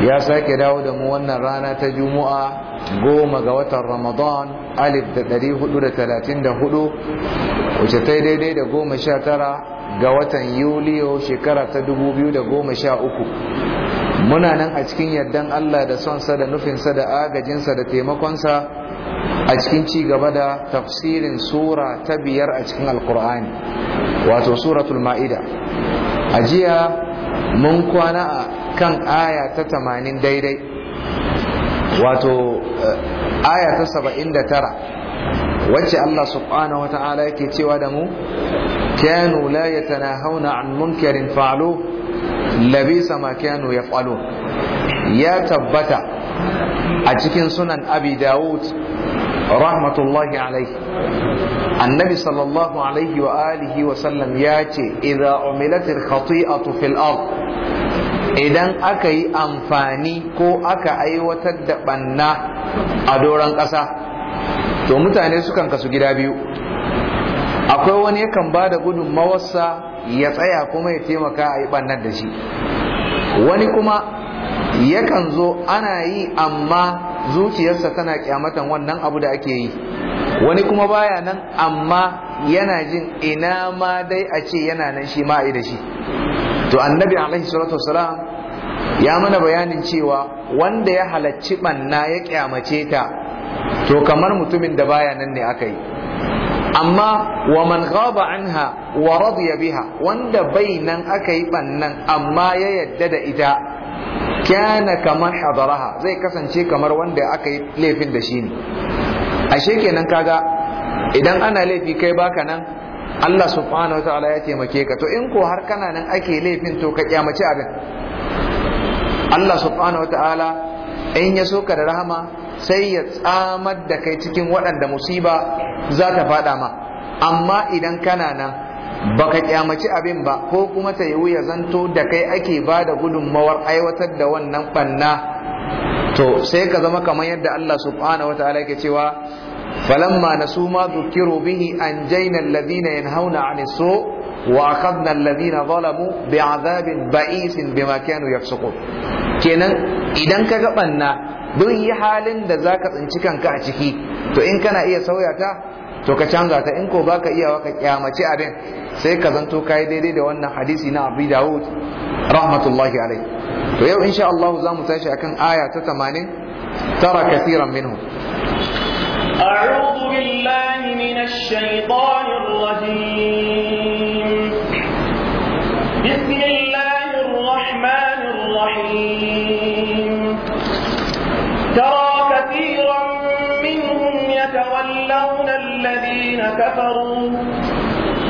ya sake dawo da mu wannan rana ta juma'a goma ga watan ramadan alif da dari hudu da talatin da hudu wace ta daidai da goma sha tara ga watan yuliyo shekara ta dubu biyu da goma sha uku muna nan a cikin yardan allah da sonsa da nufinsa da agajinsa da taimakonsa a cikin ci gaba da tafsirin sura ta biyar a cikin alkur'ani wato suratul ma'ida a jiya mun kwana a kan aya ta tamanin daidai wato eh, aya ta saba'in da tara wacce Allah subhanahu wa ta'ala yake cewa da mu kanu la yatanahawna an munkarin fa'alu labisa ma kanu yaf'alun ya tabbata a cikin sunan abi dawud rahmatullahi alaihi annabi sallallahu alaihi wa alihi wa sallam ya ce idza umilatil khati'atu fil ard idan aka yi amfani ko aka aiwatar da ɓanna a doron ƙasa to mutane sukan kasu gida biyu akwai wani yakan ba da gudun gudunmawarsa ya tsaya kuma ya taimaka a yi ɓannan da shi wani kuma yakan zo ana yi amma zuciyarsa tana kyamatan wannan abu da ake yi wani kuma baya nan amma yana jin ina ma dai a ce yana nan shi ma da shi to annabi alaihi salatu wasalam ya mana bayanin cewa wanda ya halacci banna ya kyamace ta to kamar mutumin da baya nan ne aka yi amma wa man ghaba anha wa radiya biha wanda bai nan aka yi bannan amma ya yadda da ita kana kamar hadaraha zai kasance kamar wanda aka yi laifin da shi ne ashe kenan kaga idan ana laifi kai baka nan Allah subhanahu ta'ala ya taimake ka to in ko har kana nan ake laifin to ka kyamace abin Allah subhanahu ta'ala in ya so ka da rahama sai ya tsamar da kai cikin waɗanda musiba za ta faɗa ma amma idan kana nan ba ka kyamaci abin ba ko kuma ta yiwu ya zanto da kai ake ba da gudunmawar aiwatar da wannan ɓanna to sai ka zama kamar yadda Allah subhanahu ta'ala ke cewa فلما نسوا ما ذكروا به أنجينا الذين ينهون عن السوء وأخذنا الذين ظلموا بعذاب بئيس بما كانوا يفسقون kenan idan ka ga banna duk yi halin da za ka tsinci kanka a ciki to in kana iya sauya ta to ka canza ta in ko ba ka iya ka kyamaci abin sai ka zanto ka yi daidai da wannan hadisi na abu dawud rahmatullahi alai to yau insha Allah za mu tashi akan aya ta 80 tara kathiran minhum أعوذ بالله من الشيطان الرجيم بسم الله الرحمن الرحيم ترى كثيرا منهم يتولون الذين كفروا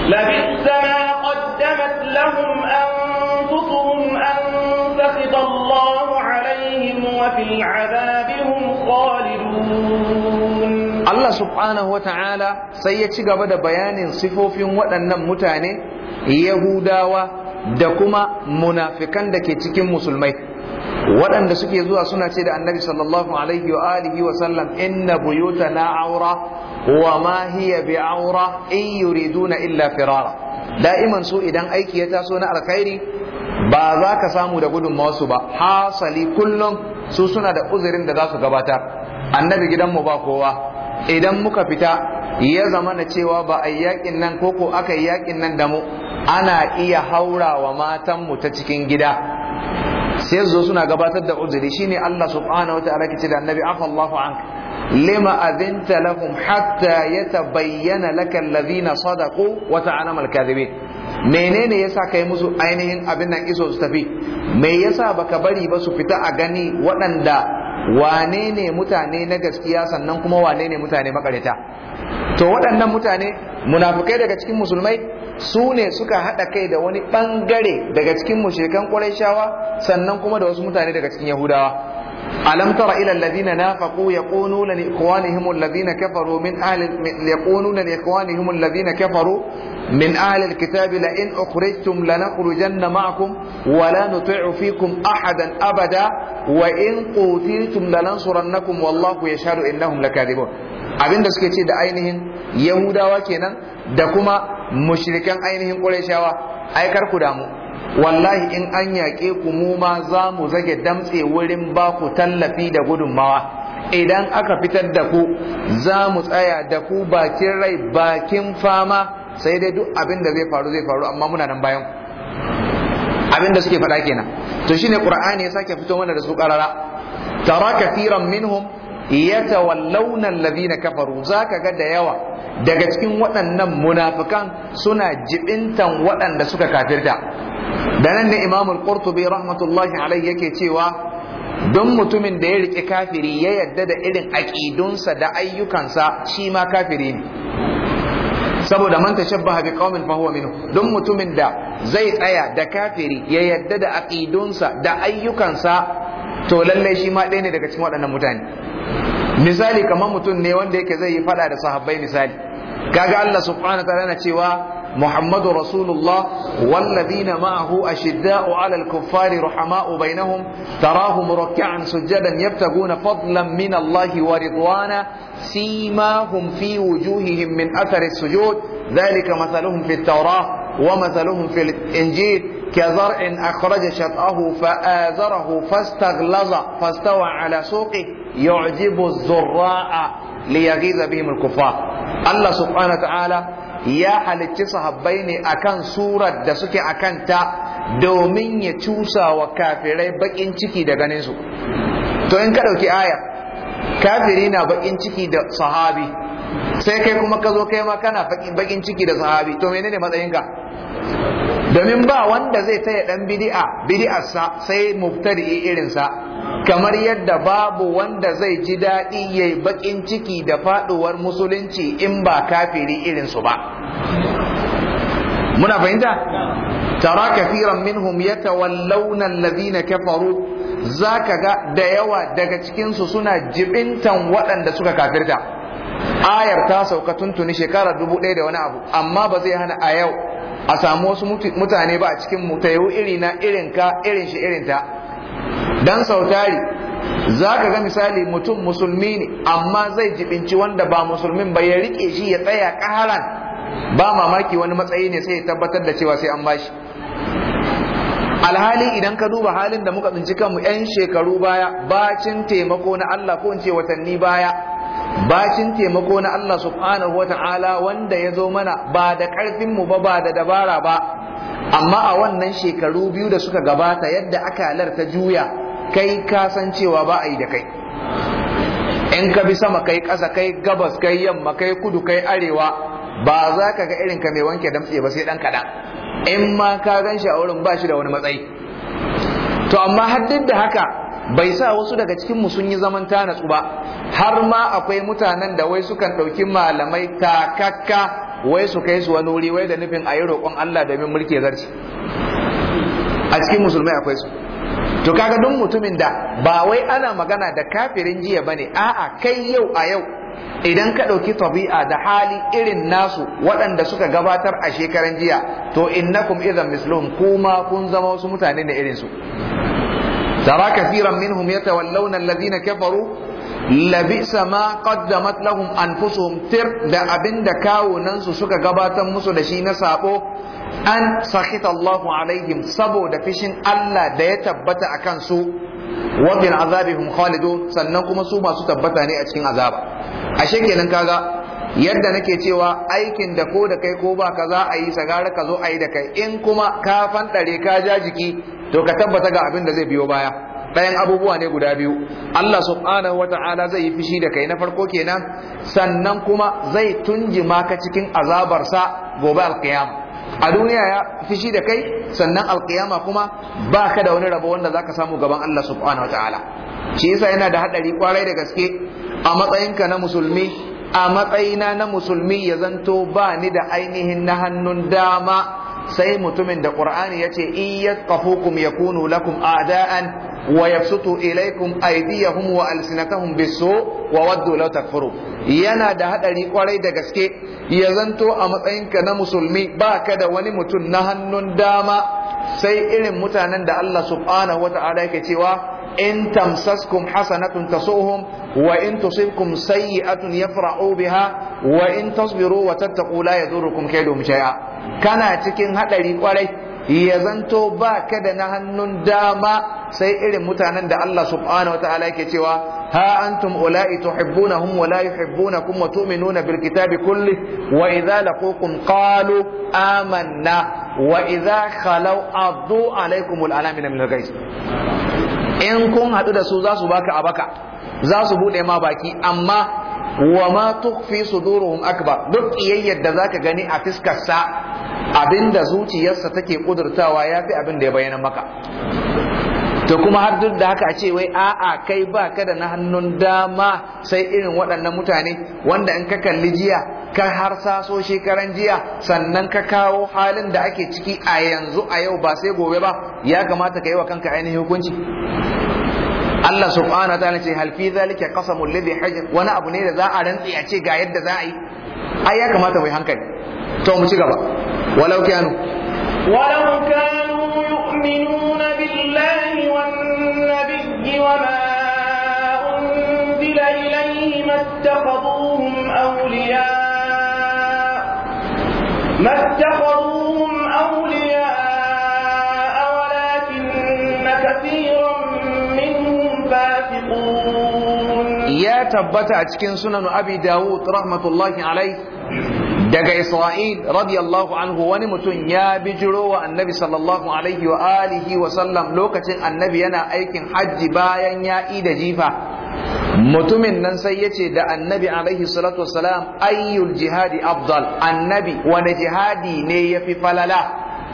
لبئس ما قدمت لهم أنفسهم أن سخط الله عليهم وفي العذاب هم خالدون subhanahu wa ta'ala sai ya ci gaba da bayanin sifofin waɗannan mutane yahudawa da kuma munafikan da ke cikin musulmai waɗanda suke zuwa suna ce da annabi sallallahu alaihi wa alihi wa sallam inna buyuta na aura wa ma hiya bi aura in yuriduna illa firara da'iman su idan aiki ya taso na alkhairi ba za ka samu da gudunmawarsu ba hasali kullum su suna da uzurin da za su gabatar annabi gidanmu ba kowa idan muka fita ya zama na cewa ba a yakin nan koko aka yi yakin nan da mu ana iya haurawa matanmu ta cikin gida sai zo suna gabatar da uzuri shine Allah subhanahu wataala ke ce da annabi allahu an lima abin lahum hatta yatabayyana laka alladhina sadaqu wa ta'lamu al menene yasa kai musu ainihin abin nan iso su tafi me yasa baka bari ba su fita a gani waɗanda wane ne mutane na gaskiya sannan kuma wane ne mutane makarita to waɗannan mutane munafukai daga cikin musulmai su ne suka haɗa kai da wani ɓangare daga cikin mushrikan shawa sannan kuma da wasu mutane daga cikin yahudawa ألم تر إلى الذين نافقوا يقولون لإخوانهم الذين كفروا من أهل يقولون لإخوانهم الذين كفروا من أهل الكتاب لئن أخرجتم لنخرجن معكم ولا نطيع فيكم أحدا أبدا وإن قتلتم لننصرنكم والله يشهد إنهم لكاذبون abin da suke ce da ainihin yahudawa kenan da kuma mushrikan ainihin ƙurashawa ai kar ku damu wallahi in an yaƙe ku muma, ma za mu zage damtse wurin baku tallafi da gudunmawa idan aka fitar da ku za mu tsaya da ku bakin rai bakin fama sai dai duk abin da zai faru zai faru amma muna nan bayan abin da suke faɗa kenan to shine qur'ani ya sake fito mana da su qarara tara kathiran minhum yatawallawna alladhina kafaru zaka ga da yawa daga cikin waɗannan munafikan suna jibintan waɗanda suka kafirta da nan da al qurtubi rahmatullahi alaihi yake cewa don mutumin da ya rike kafiri ya yadda da irin aƙidunsa da ayyukansa shi ma kafiri ne saboda man tashabbaha bi qaumin fa huwa minhu don mutumin da zai tsaya da kafiri ya yadda da aqidunsa da ayyukansa to lalle shi ma ɗaya ne daga cikin waɗannan mutane misali kamar mutum ne wanda yake zai yi fada da sahabbai misali kaga Allah subhanahu wa ta'ala na cewa محمد رسول الله والذين معه أشداء على الكفار رحماء بينهم تراهم ركعا سجدا يبتغون فضلا من الله ورضوانا سيماهم في وجوههم من أثر السجود ذلك مثلهم في التوراة ومثلهم في الإنجيل كزرع أخرج شطأه فآزره فاستغلظ فاستوى على سوقه يعجب الزراء ليغيظ بهم الكفار الله سبحانه وتعالى ya halicci sahabbai ne akan surar da suke akan ta domin ya cusa wa kafirai bakin ciki da ganin su to in ka dauki aya kafiri na bakin ciki da sahabi sai kai kuma ka zo kai ma kana bakin ciki da sahabi to menene matsayinka domin ba wanda zai taya dan bid'a bid'arsa sai irin irinsa kamar yadda babu wanda zai ji daɗi ya yi baƙin ciki da faɗuwar musulunci in ba kafiri irinsu ba muna fahimta tara kafiran minhum yatawallawna alladhina kafaru zaka ga da yawa daga cikinsu suna jibintan waɗanda suka kafirta ayar ta sauka tuntuni shekara dubu ɗaya da wani abu amma ba zai hana a yau a samu wasu mutane ba a cikin mu ta iri na irin irin shi irin ta dan sautari za ka ga misali mutum musulmi ne amma zai jibinci wanda ba musulmin ba ya rike shi ya tsaya kaharan ba mamaki wani matsayi ne sai ya tabbatar da cewa sai an bashi alhali idan ka duba halin da muka tsinci kanmu 'yan shekaru baya bacin taimako na Allah ko in ce watanni baya bacin taimako na Allah subhanahu wa ta'ala wanda ya zo mana ba da ƙarfinmu ba ba da dabara ba amma a wannan shekaru biyu da suka gabata yadda akalar ta juya kai ka cewa ba a yi da kai in ka bi sama kai ƙasa kai gabas kai yamma kai kudu kai arewa ba za ka ga irin ka mai wanke damtse ba sai dan kaɗan in ma ka gan shi a wurin ba shi da wani matsayi to amma har da haka bai sa wasu daga cikin mu sun yi zaman ta natsu ba har ma akwai mutanen da wai sukan ɗauki malamai takakka wai su kai su wani wuri wai da nufin a yi roƙon Allah domin mulki zarci a cikin musulmai akwai su to kaga duk mutumin da ba wai ana magana da kafirin jiya bane a'a kai yau a yau idan ka ɗauki tabi'a da hali irin nasu waɗanda suka gabatar a shekaran jiya to innakum idan mislum kuma kun zama wasu mutane da irin su tara kathiran minhum yatawallawna alladhina kafaru labisa ma qaddamat lahum anfusuhum tir da abinda kawunan su suka gabatar musu da shi na sabo an sakhita Allahu alaihim saboda fishin Allah da ya tabbata akan su wa bil azabihim khalidun sannan kuma su masu tabbata ne a cikin azaba ashe kenan kaga yadda nake cewa aikin da ko da kai ko ba ka za a yi sagara ka zo a yi da kai in kuma ka fanɗare ka ja jiki to ka tabbata ga abin da zai biyo baya ɗayan abubuwa ne guda biyu Allah subhanahu wata'ala zai yi fishi da kai na farko kenan sannan kuma zai tunji maka cikin azabarsa gobe alkiyama a duniya ya fishi da kai sannan alkiyama kuma ba ka da wani rabo wanda zaka samu gaban Allah subhanahu wataala shi yasa yana da haɗari kwarai da gaske a matsayinka na musulmi a matsayina na musulmi ya zanto ba ni da ainihin na hannun dama sai mutumin da qur'ani ce in ya kunu lakum a'da'an wa yabsutu ilaykum aydiyahum wa alsinatahum bisu wa waddu law takfuru yana da hadari kwarai da gaske ya zanto a matsayinka na musulmi baka da wani mutum na hannun dama sai irin mutanen da Allah subhanahu wa ta'ala yake cewa in tamsaskum hasanatun tasuhum wa in tusibkum sayyi'atun yafra'u biha wa in tasbiru wa tattaqu la yadurrukum kaydum shay'a kana cikin hadari kwarai ya zanto ba ka da na hannun dama sai irin mutanen da Allah subhanahu wa ta'ala yake cewa ha antum ula'i tuhibbunahum wa la kuma wa tu'minuna bil kitabi kulli wa idza laqukum qalu amanna wa idza khalaw addu alaykum al alamina min al in kun haɗu da su za su baka abaka za su bude ma baki amma wa ma tukfi suduruhum akbar duk kiyayyar da zaka gani a fiskarsa abinda zuciyarsa take kudurtawa yafi abin da ya bayyana maka to kuma har duk da haka a ce wai a'a kai ba ka da na hannun dama sai irin waɗannan mutane wanda in ka kalli jiya ka har saso shekaran jiya sannan ka kawo halin da ake ciki a yanzu a yau ba sai gobe ba ya kamata ka yi wa kanka ainihin hukunci Allah subhanahu wa ta'ala ce hal fi zalika qasamul ladhi hajar wani abu ne da za a rantsi a ce ga yadda za a yi ai ya kamata mai hankali to mu ci gaba walau kanu walau kanu yu'minuna billahi wan nabiyyi wa ma unzila ilayhi mattakhadhuhum awliya ما ya tabbata a cikin sunan abi dawud rahmatullahi alai daga isra'il radiyallahu anhu wani mutum ya bijiro wa annabi sallallahu alaihi wa alihi wa sallam lokacin annabi yana aikin hajji bayan ya da jifa mutumin nan sai ya ce da annabi alaihi salatu wasalam ayyul jihadi afdal annabi wani jihadi ne ya fi falala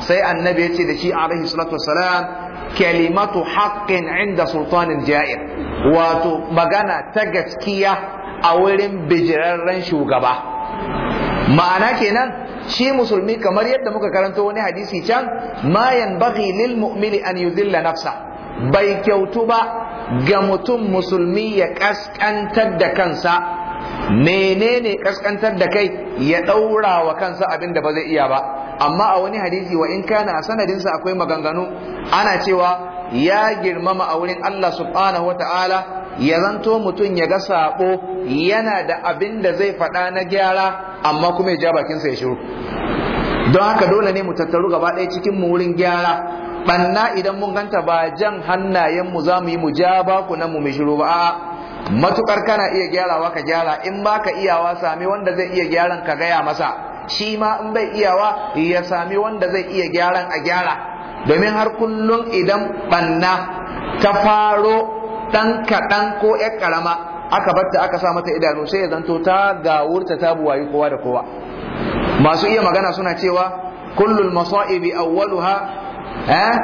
sai annabi ya ce da shi alaihi salatu wasalam kalimatu haqqin inda sultanin ja'ir wato magana ta gaskiya a wurin bijirarren shugaba ma'ana kenan shi musulmi kamar yadda muka karanta wani hadisi can ma yanbaghi lil mu'mini an yudilla nafsa bai kyautu ba ga mutum musulmi ya kaskantar da kansa menene kaskantar da kai ya daura wa kansa abin da ba zai iya ba amma a wani hadisi wa in kana a sanadinsa akwai maganganu ana cewa ya girmama a wurin Allah subhanahu wa ta'ala ya zanto mutum ya ga sabo yana da abin da zai faɗa na gyara amma kuma ya ja bakinsa ya shiru don haka dole ne mu tattaru gaba ɗaya cikin mu wurin gyara banna idan mun ganta ba jan hannayen mu za mu yi mu ja baku nan mu mai shiru ba a'a matukar kana iya gyarawa ka gyara in baka iyawa sami wanda zai iya gyaran ka gaya masa shi ma in bai iyawa ya sami wanda zai iya gyaran a gyara domin har kullum idan banna ta faro ɗan kaɗan ko ‘yar ƙarama aka batta aka sa mata idanu sai ya zanto ta ga wurta ta buwayi kowa da kowa masu iya magana suna cewa kullul masa'ibi awwaluha eh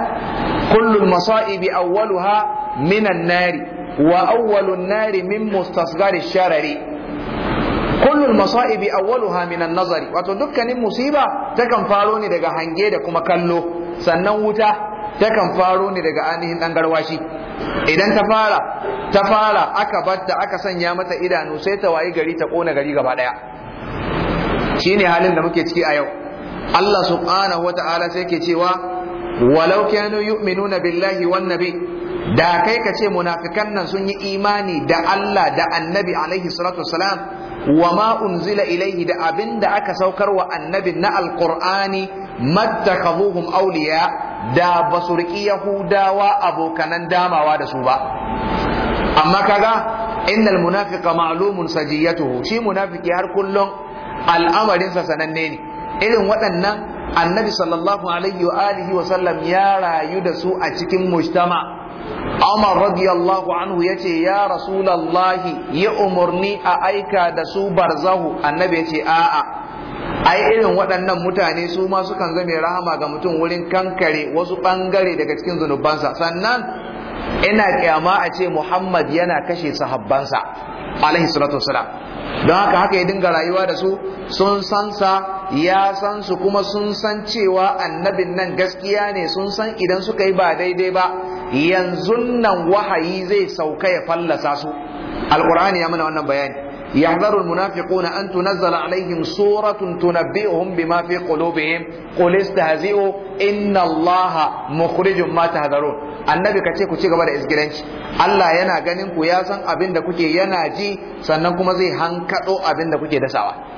kullul masa'ibi awwaluha minan nari wa awwalun nari min mustasgari sharari kullun masa'ibi awwaluha minan nazari wato dukkanin musiba takan faro ne daga hange da kuma kallo sannan wuta takan faro ne daga ainihin dan garwashi idan ta fara ta fara aka batta aka sanya mata idanu sai ta wayi gari ta kona gari gaba daya shine halin da muke ciki a yau Allah subhanahu wata'ala sai ke cewa walau kanu yu'minuna billahi wan nabi da kai ka ce munafikan nan sun yi imani da Allah da annabi alaihi salatu wasalam wa ma unzila ilaihi da abin da aka saukar wa annabin na alqur'ani mattakhadhuhum awliya da basu riƙi yahudawa abokanan damawa da su ba amma kaga innal munafiqa ma'lumun sajiyatuhu shi munafiki har kullum al'amarinsa sananne ne irin waɗannan annabi sallallahu alaihi wa alihi wa sallam ya rayu da su a cikin mujtama' Umar radiyallahu anhu ya ce ya rasulallahi ya umarni a aika da su barzahu annabi ya ce a'a ai irin waɗannan mutane su ma sukan zame rahama ga mutum wurin kankare wasu ɓangare daga cikin zunubansa sannan ina kyama a ce Muhammad yana kashe sahabbansa alaihi salatu wasalam don haka haka ya dinga rayuwa da su sun san sa ya san su kuma sun san cewa annabin nan gaskiya ne sun san idan suka yi ba daidai ba Yanzun nan wahayi zai sauka ya fallasa su alqur'ani ya mana wannan bayani يحذر المنافقون أن تنزل عليهم سورة تنبئهم بما في قلوبهم قل استهزئوا إن الله مخرج ما تهذرون annabi ka ce ku ci gaba da isgiranci Allah yana ganin ku ya san abin da kuke yana ji sannan kuma zai hankado abin da kuke dasawa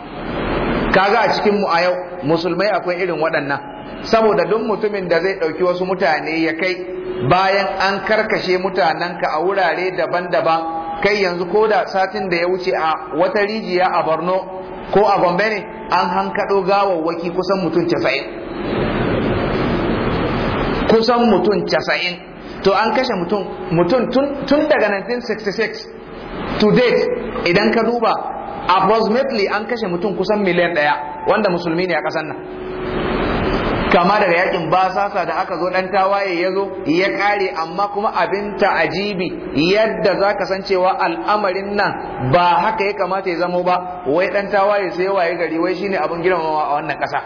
kaga a cikin mu a yau musulmai akwai irin waɗannan saboda duk mutumin da zai ɗauki wasu mutane ya kai bayan an karkashe mutanenka a wurare daban-daban kai yanzu ko da satin da ya wuce a wata rijiya a borno ko a gombe ne an hankaɗo gawawwaki kusan mutum casa'in kusan mutum casa'in to an kashe mutum tun daga 1966 to date idan ka duba approximately an kashe mutum kusan miliyan ɗaya wanda musulmi ne a ƙasar nan kama daga yakin basasa da aka zo dan tawaye ya zo ya kare amma kuma abin ta'ajibi yadda za ka san cewa al'amarin nan ba haka ya kamata ya zamo ba wai ɗan tawaye sai waye gari wai shine abin girmamawa a wannan ƙasa.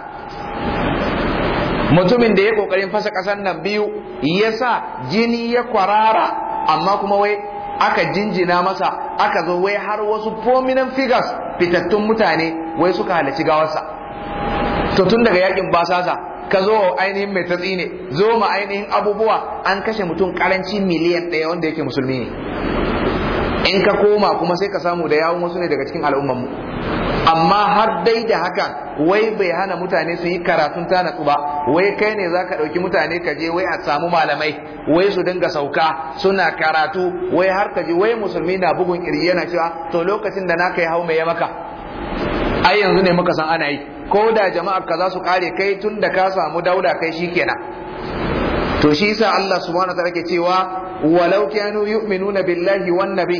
mutumin da ya kokarin fasa kasan nan biyu ya sa jini ya kwarara amma kuma wai aka jinjina masa aka zo wai har wasu prominent figures fitattun mutane wai suka halarci gawarsa to tun daga yakin basasa ka zo ainihin mai tatsi ne zo ma ainihin abubuwa an kashe mutum karanci miliyan ɗaya wanda yake musulmi ne in ka koma kuma sai ka samu da yawun wasu ne daga cikin al'umman mu amma har dai da haka wai bai hana mutane su yi karatun ta natsu ba wai kai ne za ka ɗauki mutane ka je wai a samu malamai wai su dinga sauka suna karatu wai har ka je wai musulmi na bugun iri yana cewa to lokacin da naka ya hau mai ya maka ai yanzu ne muka san ana yi ko da jama'a ka za su kare kai tun da ka samu daula kai shi kenan. to shi yasa Allah subhanahu wataala ke cewa walau kanu yu'minuna billahi wan nabi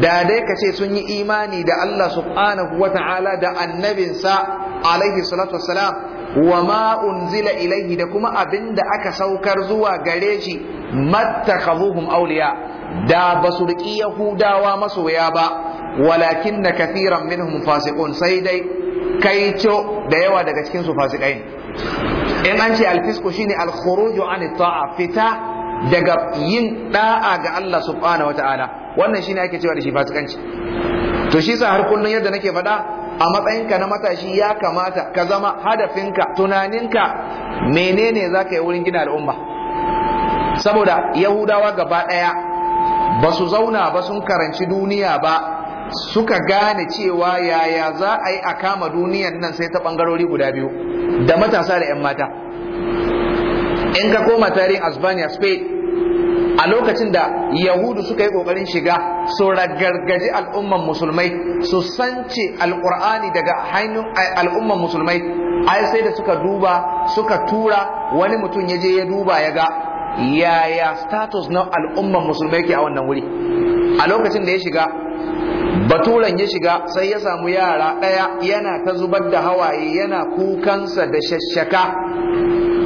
da dai kace sun yi imani da Allah subhanahu wataala da annabinsa alaihi salatu wassalam wa ma unzila ilaihi da kuma abinda aka saukar zuwa gare shi matakabuhum awliya da basu riki yahudawa masoya ba walakin na kathiran minhum fasiqun sai dai kai da yawa daga cikin su fasikai in an ce alfisku shine alkhuruju an ta'a fita daga yin da'a ga Allah subhanahu wataala wannan shine ake cewa da shi fasikanci to shi sa har kullun yadda nake faɗa a matsayinka na matashi ya kamata ka zama hadafinka tunaninka menene za ka yi wurin gina al'umma saboda yahudawa gaba ɗaya ba su zauna ba sun karanci duniya ba suka gane cewa yaya za a yi a kama duniyan nan sai ta ɓangarori guda biyu da matasa da 'yan mata in ka koma tarihin asbania spain a lokacin da yahudu suka yi kokarin shiga su ragargaji al'umman musulmai su sance alkur'ani daga hannun eh, al'umman musulmai ai sai da suka duba suka tura wani mutum ya je ya duba ya ga yaya status na al'umman musulmai ke a wannan wuri a lokacin da ya shiga baturan ya shiga sai ya samu yara ɗaya yana ta zubar da hawaye yana kukansa da shashaka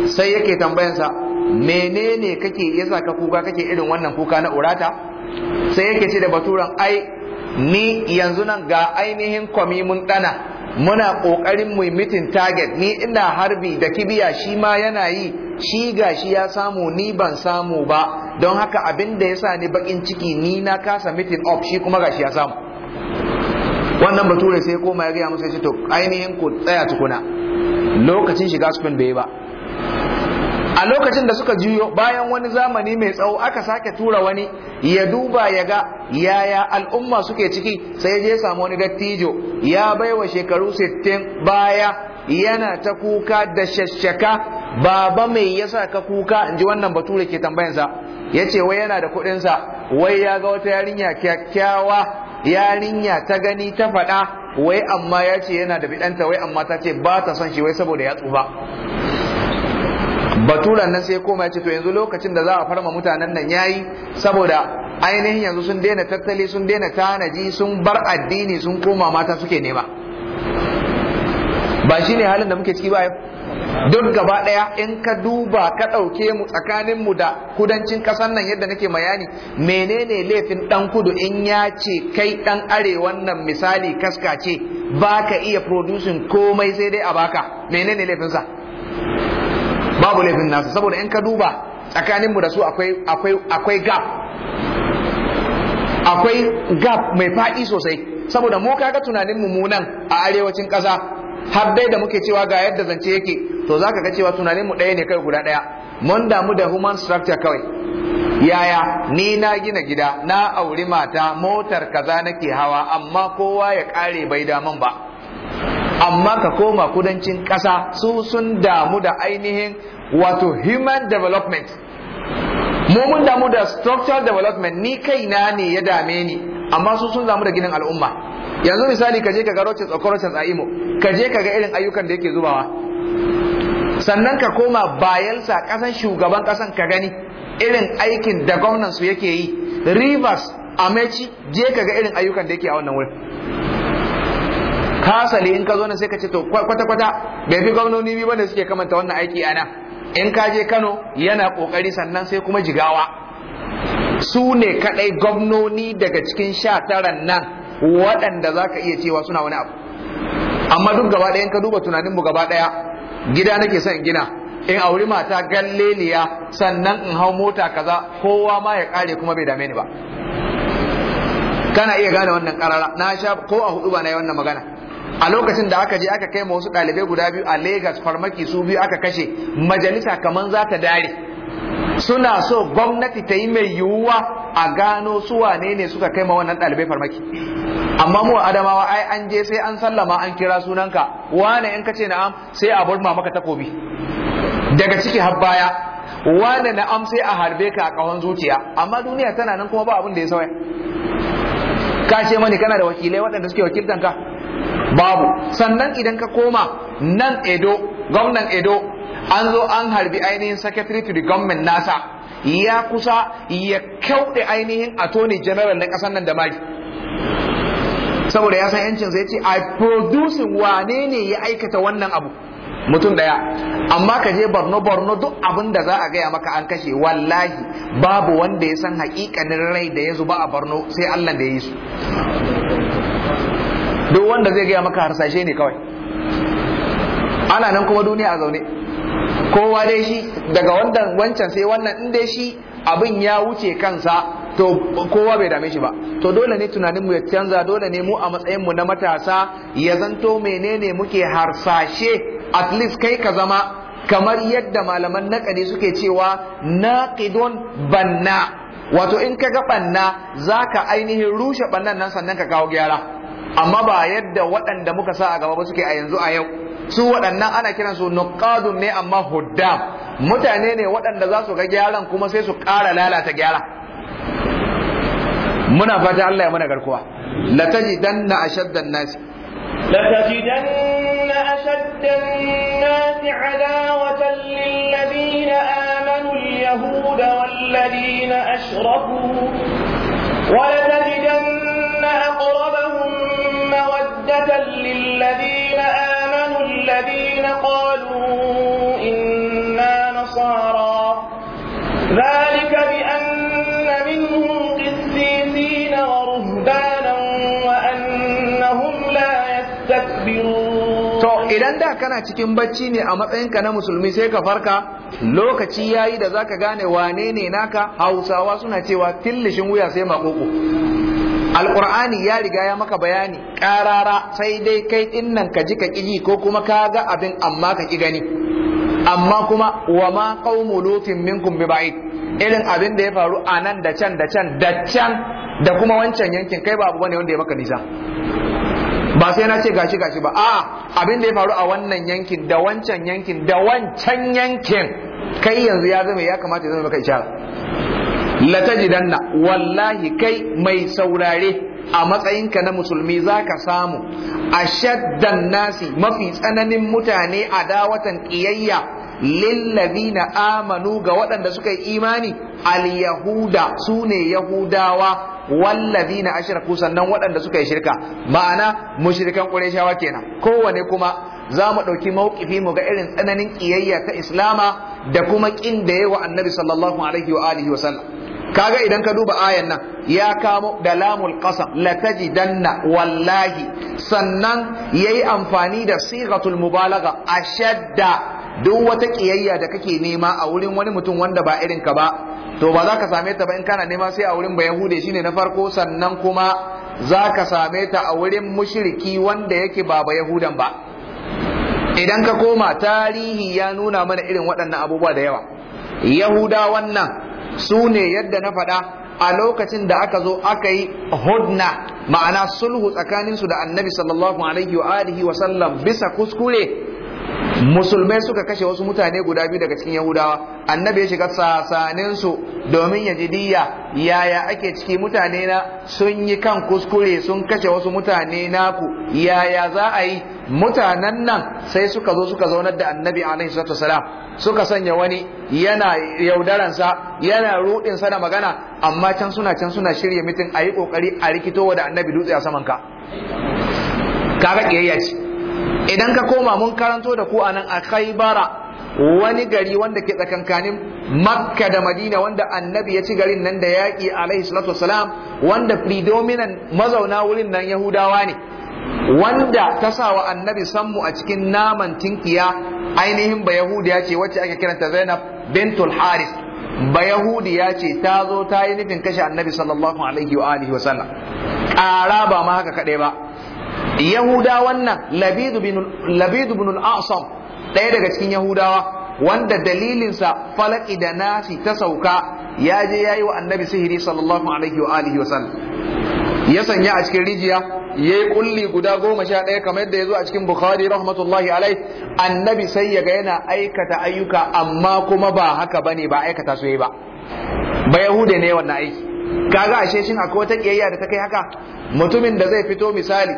sai yake tambayansa menene kake yasa ka kuka kake irin wannan kuka na urata sai yake ce da baturan ai ni yanzu nan ga ainihin kwami mun ɗana muna ƙoƙarin mu mitin target ni ina harbi da kibiya shi ma yana yi shi ga shi ya samu ni ban samu ba don haka abin da ya sa ni bakin ciki ni na kasa mitin up shi kuma gashi ya samu wannan bature sai koma ya gaya musu ya ce to ainihin ku tsaya tukuna lokacin shiga Spain bai ba a lokacin da suka juyo bayan wani zamani mai tsawo aka sake tura wani ya duba ya ga yaya al'umma suke ciki sai je samu wani dattijo ya baiwa shekaru 60 baya yana ta kuka da shashaka baba mai yasa ka kuka in ji wannan bature ke tambayansa ya ce wai yana da kuɗinsa wai ya ga wata yarinya kyakkyawa yarinya ta gani ta faɗa wai amma ya ce yana da bidanta wai amma ta ce ba ta son shi wai saboda ya tsufa batulan nan sai koma ya ce to yanzu lokacin da za a farma mutanen nan yayi saboda ainihin yanzu sun daina tattali sun daina tanaji sun bar addini sun koma mata suke nema ba shi ne halin da muke ciki ba yau duk gaba ɗaya in ka duba ka ɗauke mu tsakanin mu da kudancin ƙasar nan yadda nake mayani, menene laifin ɗan kudu in ya ce kai ɗan arewan nan misali kaska ce ba ka iya producing komai sai dai a baka menene laifinsa babu laifin nasa saboda in ka duba tsakanin mu da su akwai akwai akwai gap akwai gap mai faɗi sosai saboda mu kaga tunanin mu nan a arewacin ƙasa har dai da muke cewa ga yadda zance yake to za ka ga cewa tunanin mu ɗaya ne kai guda ɗaya mun damu da human structure kawai yaya ni na gina gida na auri mata motar kaza nake hawa amma kowa ya ƙare bai daman ba amma ka koma kudancin ƙasa su sun damu da ainihin wato human development mu mun damu da structural development ni kaina ne ya dame ni amma su sun damu da ginin al'umma yanzu misali ka je ka ga roches a imo ka je ka ga irin ayyukan da yake zubawa sannan ka koma bayansa ƙasan shugaban kasan ka gani irin aikin da gwamnan su yake yi rivers ameci je ka ga irin ayyukan da yake a wannan wurin kasali in ka zo nan sai ka ce to kwata kwata bai fi gwamnoni biyu bane suke kamanta wannan aiki ana in ka je Kano yana kokari sannan sai kuma jigawa su ne kadai gwamnoni daga cikin sha taran nan waɗanda za ka iya cewa suna wani abu amma duk gaba ɗaya in ka duba tunaninmu gaba ɗaya gida nake son gina in auri mata galleliya sannan in hau mota kaza kowa ma ya kare kuma bai dame ni ba kana iya gane wannan karara na sha ko a hudu ba na yi wannan magana a lokacin da aka je aka kai ma wasu ɗalibai guda biyu a Legas farmaki su biyu aka kashe majalisa kaman za ta dare suna so gwamnati ta yi mai yiwuwa a gano su wane ne suka kai ma wannan ɗalibai farmaki amma mu adamawa ai an je sai an sallama an kira sunanka wane in ka ce na'am sai a burma maka takobi daga ciki har baya wane na'am sai a harbe ka a ƙawon zuciya amma duniya tana nan kuma ba abin da ya sauya ka ce mani kana da wakilai waɗanda suke wakiltanka babu sannan idan ka koma nan edo gwamnan edo an zo an harbi ainihin secretary to the government nasa ya kusa ya kyauɗe ainihin attorney general na ƙasar nan da mari saboda ya san yancin zai ce a producing wane ne ya aikata wannan abu mutum daya amma ka je borno borno duk abin da za a gaya maka an kashe wallahi babu wanda ya san haƙiƙanin rai da ya zuba a borno sai allah da ya yi su duk wanda zai gaya maka harsashe ne kawai ana nan kuma duniya a zaune kowa dai shi daga wannan wancan sai wannan in dai shi abin ya wuce kansa to kowa bai dame shi ba to dole ne tunanin mu ya canza dole ne mu a matsayin mu na matasa ya zanto menene muke harsashe at least kai ka zama kamar yadda malaman naƙadi suke cewa naqidun banna wato in ka ga banna zaka ainihin rushe bannan nan sannan ka kawo gyara amma ba yadda waɗanda muka sa a gaba ba suke a yanzu a yau su waɗannan ana kiran kiransu nuqadun ne amma huddam mutane ne waɗanda za su ga gyaran kuma sai su ƙara lalata gyara muna fata Allah ya mana garkuwa la tajidanna ashaddan nasi la tajidanna ashaddan nasi adawatan lil ladina amanu al yahud wal ladina ashraku wa la tajidanna aqrabahum mawaddatan lil ladina amanu الذين قالوا إنا نصارى ذلك بأن منهم قسيسين ورهبانا وأنهم لا يستكبرون idan da kana cikin bacci ne a matsayinka na musulmi sai ka farka lokaci yayi da zaka gane wane ne naka hausawa suna cewa tillishin wuya sai makoko alqur'ani ya riga ya maka bayani ƙarara sai dai kai dinnan ka ji ka kiji ko kuma ka ga abin amma ka ƙi gani amma kuma wa ma qaumu lutin minkum bi ba'id irin abin da ya faru a nan da can da can da can da kuma wancan yankin kai ba bane wanda ya maka nisa ba sai na ce gashi gashi ba a'a abin da ya faru a wannan yankin da wancan yankin da wancan yankin kai yanzu ya zama ya kamata ya zama maka ishara latajidanna wallahi kai mai saurare a matsayinka na musulmi za ka samu shaddan nasi mafi tsananin mutane a dawatan ƙiyayya lillazina amanu ga waɗanda suka yi imani al-yahuda su ne yahudawa wallazina ashraku sannan waɗanda suka yi shirka ma'ana mushrikan qurayshawa kenan kowane kuma za mu ɗauki mawkifi mu ga irin tsananin ƙiyayya ta islama da kuma ƙin da yawa annabi sallallahu alaihi wa alihi wa sallam kaga idan ka duba ayan nan ya kamo Dalamul lamul qasam latajidanna wallahi sannan yayi amfani da sigatul mubalagha ashadda duk wata kiyayya da kake nema a wurin wani mutum wanda ba irin ka ba to ba za ka same ta ba in kana nema sai a wurin ba yahude shine na farko sannan kuma za ka same ta a wurin mushriki wanda yake ba ba yahudan ba idan ka koma tarihi ya nuna mana irin waɗannan abubuwa da yawa yahuda wannan su ne yadda na faɗa a lokacin da aka zo aka yi hudna ma'ana sulhu tsakaninsu da annabi sallallahu alaihi wa alihi wa sallam bisa kuskure musulmai suka kashe wasu mutane guda biyu daga cikin yahudawa annabi ya shiga sasanin su domin ya jidiya yaya ake ciki mutane na sun yi kan kuskure sun kashe wasu mutane naku yaya za a yi mutanen nan sai suka zo suka zaunar da annabi alaihi salatu wasalam suka sanya wani yana yaudaransa yana rudin sa da magana amma can suna can suna shirya mitin a yi kokari a rikitowa da annabi dutse a saman ka kaga kiyayya ce idan ka koma mun karanto da ku anan a khaibara wani gari wanda ke tsakankanin makka da madina wanda annabi ya ci garin nan da yaƙi alaihi salatu wasalam wanda predominant mazauna wurin nan yahudawa ne wanda ta sa wa annabi sammu a cikin naman tinkiya ainihin ba yahudiya ce wacce ake kiranta zainab bintul haris ba yahudiya ce ta zo ta yi nufin kashe annabi sallallahu alaihi wa alihi wasallam ƙara ba ma haka kaɗai ba yahudawan nan labidu bin al-asam ɗaya daga cikin yahudawa wanda dalilinsa falaki da nasi ta sauka ya je ya yi wa annabi sihiri sallallahu alaihi wa alihi ya sanya a cikin rijiya ya yi kulli guda goma sha ɗaya kamar yadda ya zo a cikin bukhari rahmatullahi alai annabi sai ya ga yana aikata ayyuka amma kuma ba haka bane ba aikata su yi ba ba yahude ne wannan aiki kaga ashe shin akwai wata kiyayya da ta kai haka mutumin da zai fito misali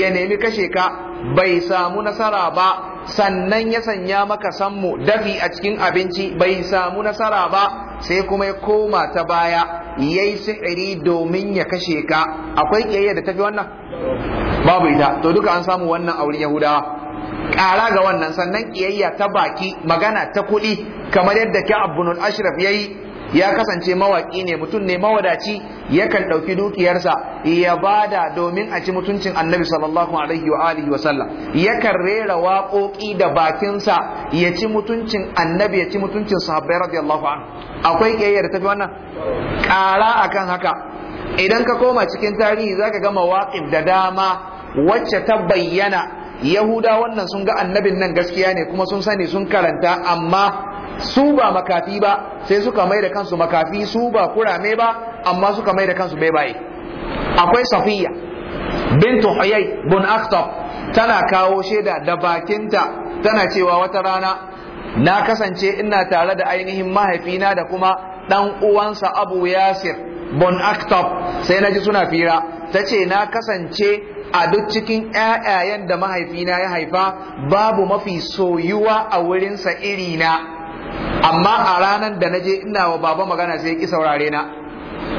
ya nemi kashe ka bai samu nasara ba sannan ya sanya maka sammu dafi a cikin abinci bai samu nasara ba sai kuma ya koma ta baya yayi sihiri domin ya kashe ka akwai kiyayya da tafi wannan babu ita to duka an samu wannan auren yahudawa ƙara ga wannan sannan kiyayya ta baki magana ta kuɗi kamar yadda ka abunul ashraf yayi ya kasance mawaki ne mutum ne mawadaci yakan ɗauki dukiyarsa ya bada domin a ci mutuncin annabi sallallahu alaihi wa alihi wa sallam yakan rera waƙoƙi da bakinsa ya ci mutuncin annabi ya ci mutuncin sahabbai radiyallahu anhu akwai kiyaye da tafi wannan ƙara akan haka idan ka koma cikin tarihi zaka ga mawaqif da dama wacce ta bayyana yahuda wannan sun ga annabin nan gaskiya ne kuma sun sani sun karanta amma su ba makafi ba sai suka mai da kansu makafi su ba kurame ba amma suka mai da kansu bebaye akwai safiya bintu huyay bin akhtab tana kawo shaida da bakinta tana cewa wata rana na kasance ina tare da ainihin mahaifina da kuma dan uwansa abu yasir (Bun akhtab sai na ji suna fira tace na kasance a duk cikin ƴaƴayen da mahaifina ya haifa babu mafi soyuwa a wurinsa irina amma a ranar da na naje ina wa baba magana sai ya ki saurare na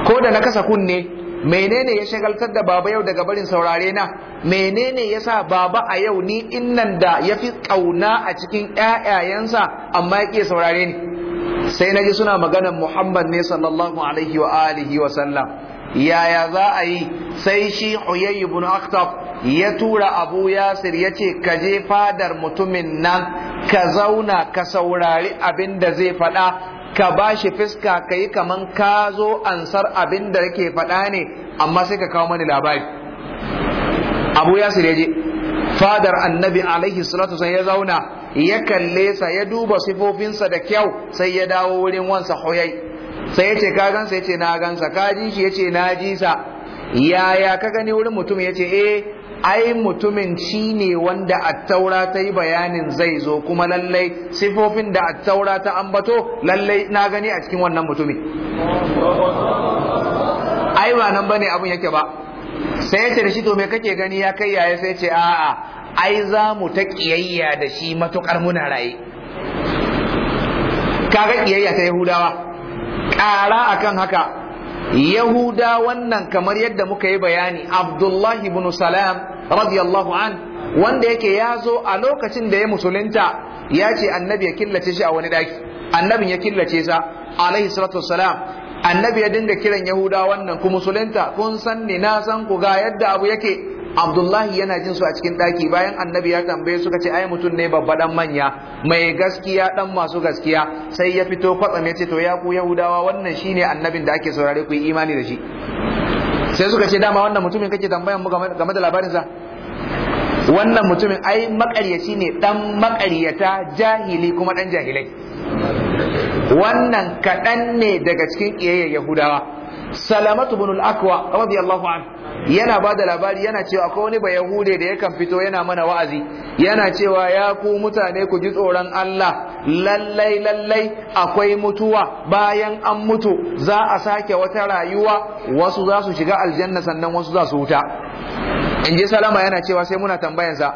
ko da na kasa kunne menene ya shagaltar da baba yau daga barin saurare na menene ya sa baba a yau ni innan da ya fi ƙauna a cikin ƴaƴayensa amma ya ki saurare ni sai na ji suna maganar muhammad ne sallallahu alaihi wa alihi wa sallam yaya za a yi sai shi huyay ibn ya tura abu yasir ya ce ka je fadar mutumin nan ka zauna ka saurari abin da zai faɗa ka ba shi fiska ka yi kaman ka zo ansar abin da yake faɗa ne amma sai ka kawo mani labari abu yasir ya je fadar annabi alaihi salatu sai ya zauna ya kalle sa ya duba sifofinsa da kyau sai ya dawo wurin wansa huyai sai ya ce ka gansa ya ce na gansa ka ji shi ya ce na ji sa yaya ka gani wurin mutum ya ce eh ai mutumin shi ne wanda attaura ta yi bayanin zai zo kuma lallai sifofin da attaura ta ambato lallai na gani a cikin wannan mutumin ai ba nan bane abun yake ba sai ya ce da shi to me kake gani ya kai yaya sai ce a'a ai za mu ta kiyayya da shi matukar muna raye kaga kiyayya ta yahudawa ƙara akan haka yahuda wannan kamar yadda muka yi bayani abdullahi ibn salam radiyallahu an wanda yake ya zo a lokacin da ya musulunta ya ce annabi ya killace shi a wani daki annabin ya killace sa alaihi salatu wassalam annabi ya dinga kiran yahuda wannan ku musulunta kun san ni na san ku ga yadda abu yake Abdullahi yana jin su a cikin ɗaki bayan annabi ya tambaye suka ce ai mutum ne babba dan manya mai gaskiya dan masu gaskiya sai ya fito kwatsam ya ce to ya ku Yahudawa wannan shine annabin da ake saurare ku imani da shi sai suka ce dama wannan mutumin kake tambayan mu game da labarin sa wannan mutumin ai makaryaci ne dan makaryata jahili kuma dan jahilai wannan kaɗan ne daga cikin iyayen yahudawa salamatu bin al-akwa radiyallahu anhu yana ba da labari yana cewa akwai wani bayahude da yakan fito yana mana wa'azi yana cewa ya ku mutane ku ji tsoron Allah lallai lallai akwai mutuwa bayan an mutu za a sake wata rayuwa wasu za su shiga aljanna sannan wasu za su wuta in ji salama yana cewa sai muna tambayansa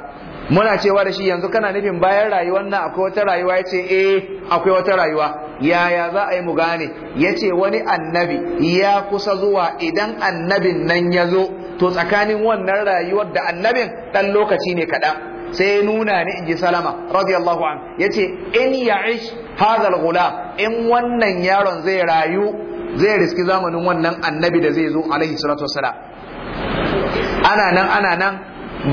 muna cewa da shi yanzu kana nufin bayan rayuwar nan akwai wata rayuwa ya ce eh akwai wata rayuwa yaya za a yi mu gane ya ce wani annabi ya kusa zuwa idan annabin nan ya zo to tsakanin wannan rayuwar da annabin dan lokaci ne kaɗan sai ya nuna ni in ji salama radiyallahu an ya ce in ya ish hadal gula in wannan yaron zai rayu zai riski zamanin wannan annabi da zai zo alaihi salatu wasala ana nan ana nan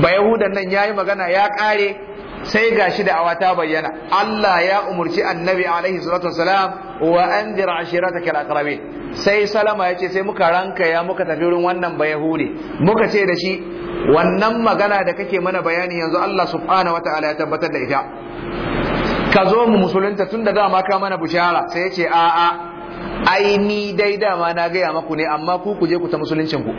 ba yahudan nan yayi magana ya kare sai gashi da awa ta bayyana Allah ya umurci annabi alaihi salatu wasalam wa anzir ashirataka alaqrabin sai salama ya ce sai muka ranka ya muka tafi wurin wannan ba yahudi muka ce da shi wannan magana da kake mana bayani yanzu Allah subhanahu wataala ya tabbatar da ita ka zo mu musulunta tun da dama ka mana bishara sai yace a'a ai ni dai dama na gaya maku ne amma ku ku je ku ta musuluncin ku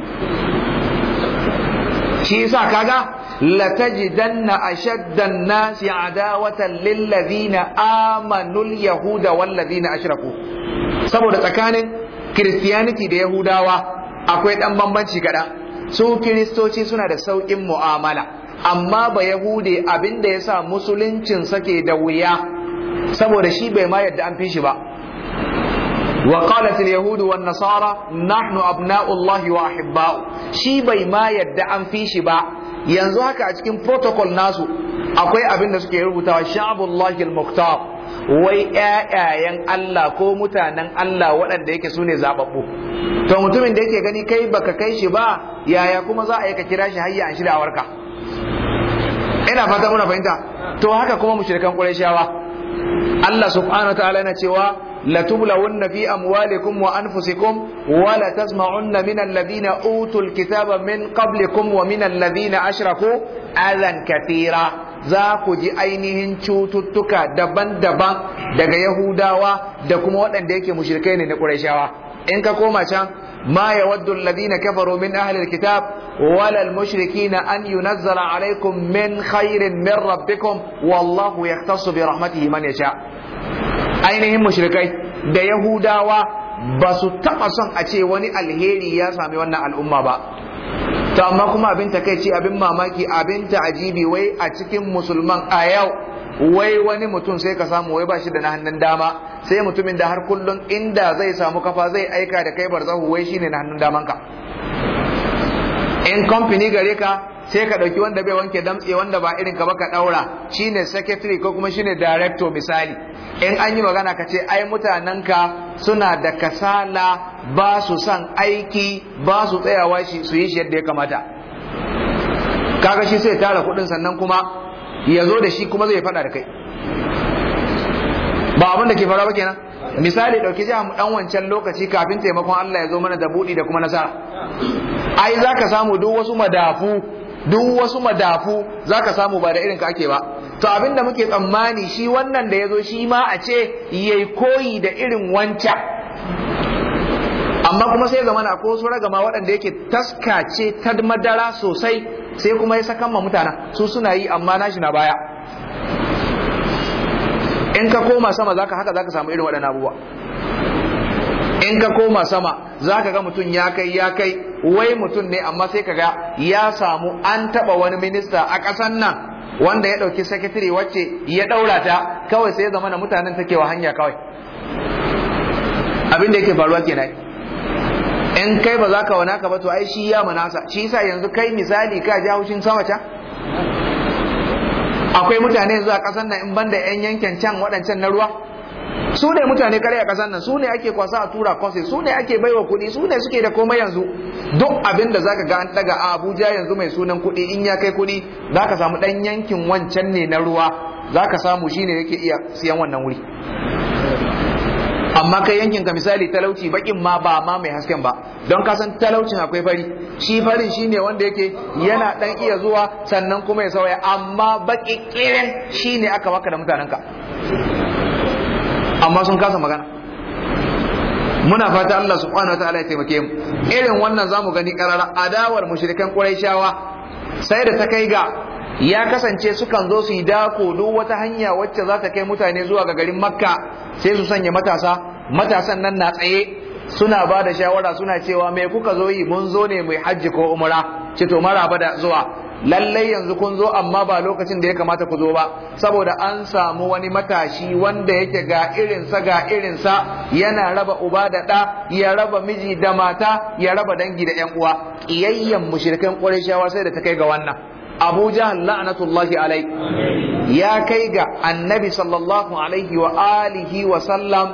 shi yasa kaga latajidanna ashaddan nasi adawatan lil ladina amanu yahuda wal ashraku saboda tsakanin christianity da yahudawa akwai dan bambanci kada su kiristoci suna da saukin mu'amala amma ba yahude abinda yasa musuluncin sake da wuya saboda shi bai ma yadda an fi shi ba Yahudu Nasara اليهود والنصارى wa أبناء shi bai شي بي an fi shi ba. yanzu haka a cikin protocol nasu akwai abin da suke rubutawa sha'abullahi al-muqtar wai ƴaƴayen Allah ko mutanen Allah waɗanda yake sune zababbu to mutumin da yake gani kai baka kai shi ba yaya kuma za a yi ka kira shi hayya an shi da awarka ina fata muna fahimta to haka kuma mushrikan qurayshawa Allah subhanahu wa ta'ala na cewa لتبلون في أموالكم وأنفسكم ولا تسمعن من الذين أوتوا الكتاب من قبلكم ومن الذين أشركوا أذى كثيرا za ku ji ainihin cututtuka daban-daban daga Yahudawa da kuma waɗanda yake mushrikai ne na Qurayshawa in ka koma can ma yawaddu alladhina kafaru min ahli alkitab wala almushrikina an yunazzala alaykum min khairin min rabbikum wallahu yahtassu bi rahmatihi man yasha ainihin mushrikai da yahudawa ba su taba son a ce wani alheri ya sami wannan al'umma ba to amma kuma abin takaici abin mamaki abin ta'ajibi wai a cikin musulman a yau wai wani mutum sai ka samu wai ba shi da na hannun dama sai mutumin da har kullum inda zai samu kafa zai aika da kai barzahu wai shine na hannun damanka in kamfani gare ka sai ka ɗauki wanda bai wanke damtse wanda ba irin ka ba ka ɗaura shine secretary ko kuma shine director misali in an yi magana ka ce ai mutanenka suna da kasala ba su son aiki ba su tsayawa shi, su yi shi yadda ya kamata kaga shi sai tara kuɗin sannan kuma ya zo da shi kuma zai faɗa da kai ba abin da ke fara ba kenan misali ɗauki jiha mu ɗan wancan lokaci kafin taimakon Allah ya zo mana da buɗi da kuma nasara ai za ka samu duk wasu madafu duk wasu madafu za ka samu ba da irin ka ake ba to abinda muke tsammani shi wannan da ya zo shi ma a ce yayi koyi da irin wanca. amma kuma sai zamana ko su ragama waɗanda yake taskace ta madara sosai sai kuma ya sakan ma mutana su suna yi amma nashi na baya in ka koma sama zaka haka ka samu irin waɗannan abubuwa in ka koma sama za ka ga mutum ya kai ya kai wai mutum ne amma sai ka ga ya samu an taɓa wani minista a ƙasan nan wanda ya ɗauki sakatare wacce ya ɗaura ta kawai sai zama na mutanen take wa hanya kawai abin da yake faruwa ke kenan in kai ba za ka wana ka ba to ai shi ya manasa shi sa yanzu kai misali ka ji haushin sama can akwai mutane yanzu a ƙasan nan in banda yan yankin can waɗancan na ruwa su ne mutane kare a nan su ne ake kwasa a tura kwasai su ne ake baiwa kuɗi su ne suke da komai yanzu duk abin da zaka ga an daga a Abuja yanzu mai sunan kuɗi in ya kai kuɗi zaka samu ɗan yankin wancan ne na ruwa zaka samu shine yake iya siyan wannan wuri amma kai yankin ka misali talauci bakin ma ba ma mai hasken ba don ka san talaucin akwai fari shi farin shine wanda yake yana dan iya zuwa sannan kuma ya sauya amma baki kirin shine aka waka da mutanen ka. amma sun kasa magana muna fata Allah subhanahu wa ta'ala ya taimake mu irin wannan zamu gani karara adawar mushrikan quraishawa sai da ta kai ga ya kasance sukan zo su yi dako duk wata hanya wacce za ta kai mutane zuwa ga garin makka sai su sanya matasa matasan nan na tsaye suna ba da shawara suna cewa me kuka zo yi mun zo ne mai hajji ko umra ce to maraba da zuwa lallai yanzu kun zo amma ba lokacin da ya kamata ku zo ba saboda an samu wani matashi wanda yake ga irinsa ga irinsa yana raba uba da ɗa ya raba miji da mata ya raba dangi da ƴan uwa ƙiyayyen mushrikan ƙurashawa sai da ta kai ga wannan Abu Jahal la'anatullahi alai ya kai ga Annabi sallallahu alaihi wa alihi wa sallam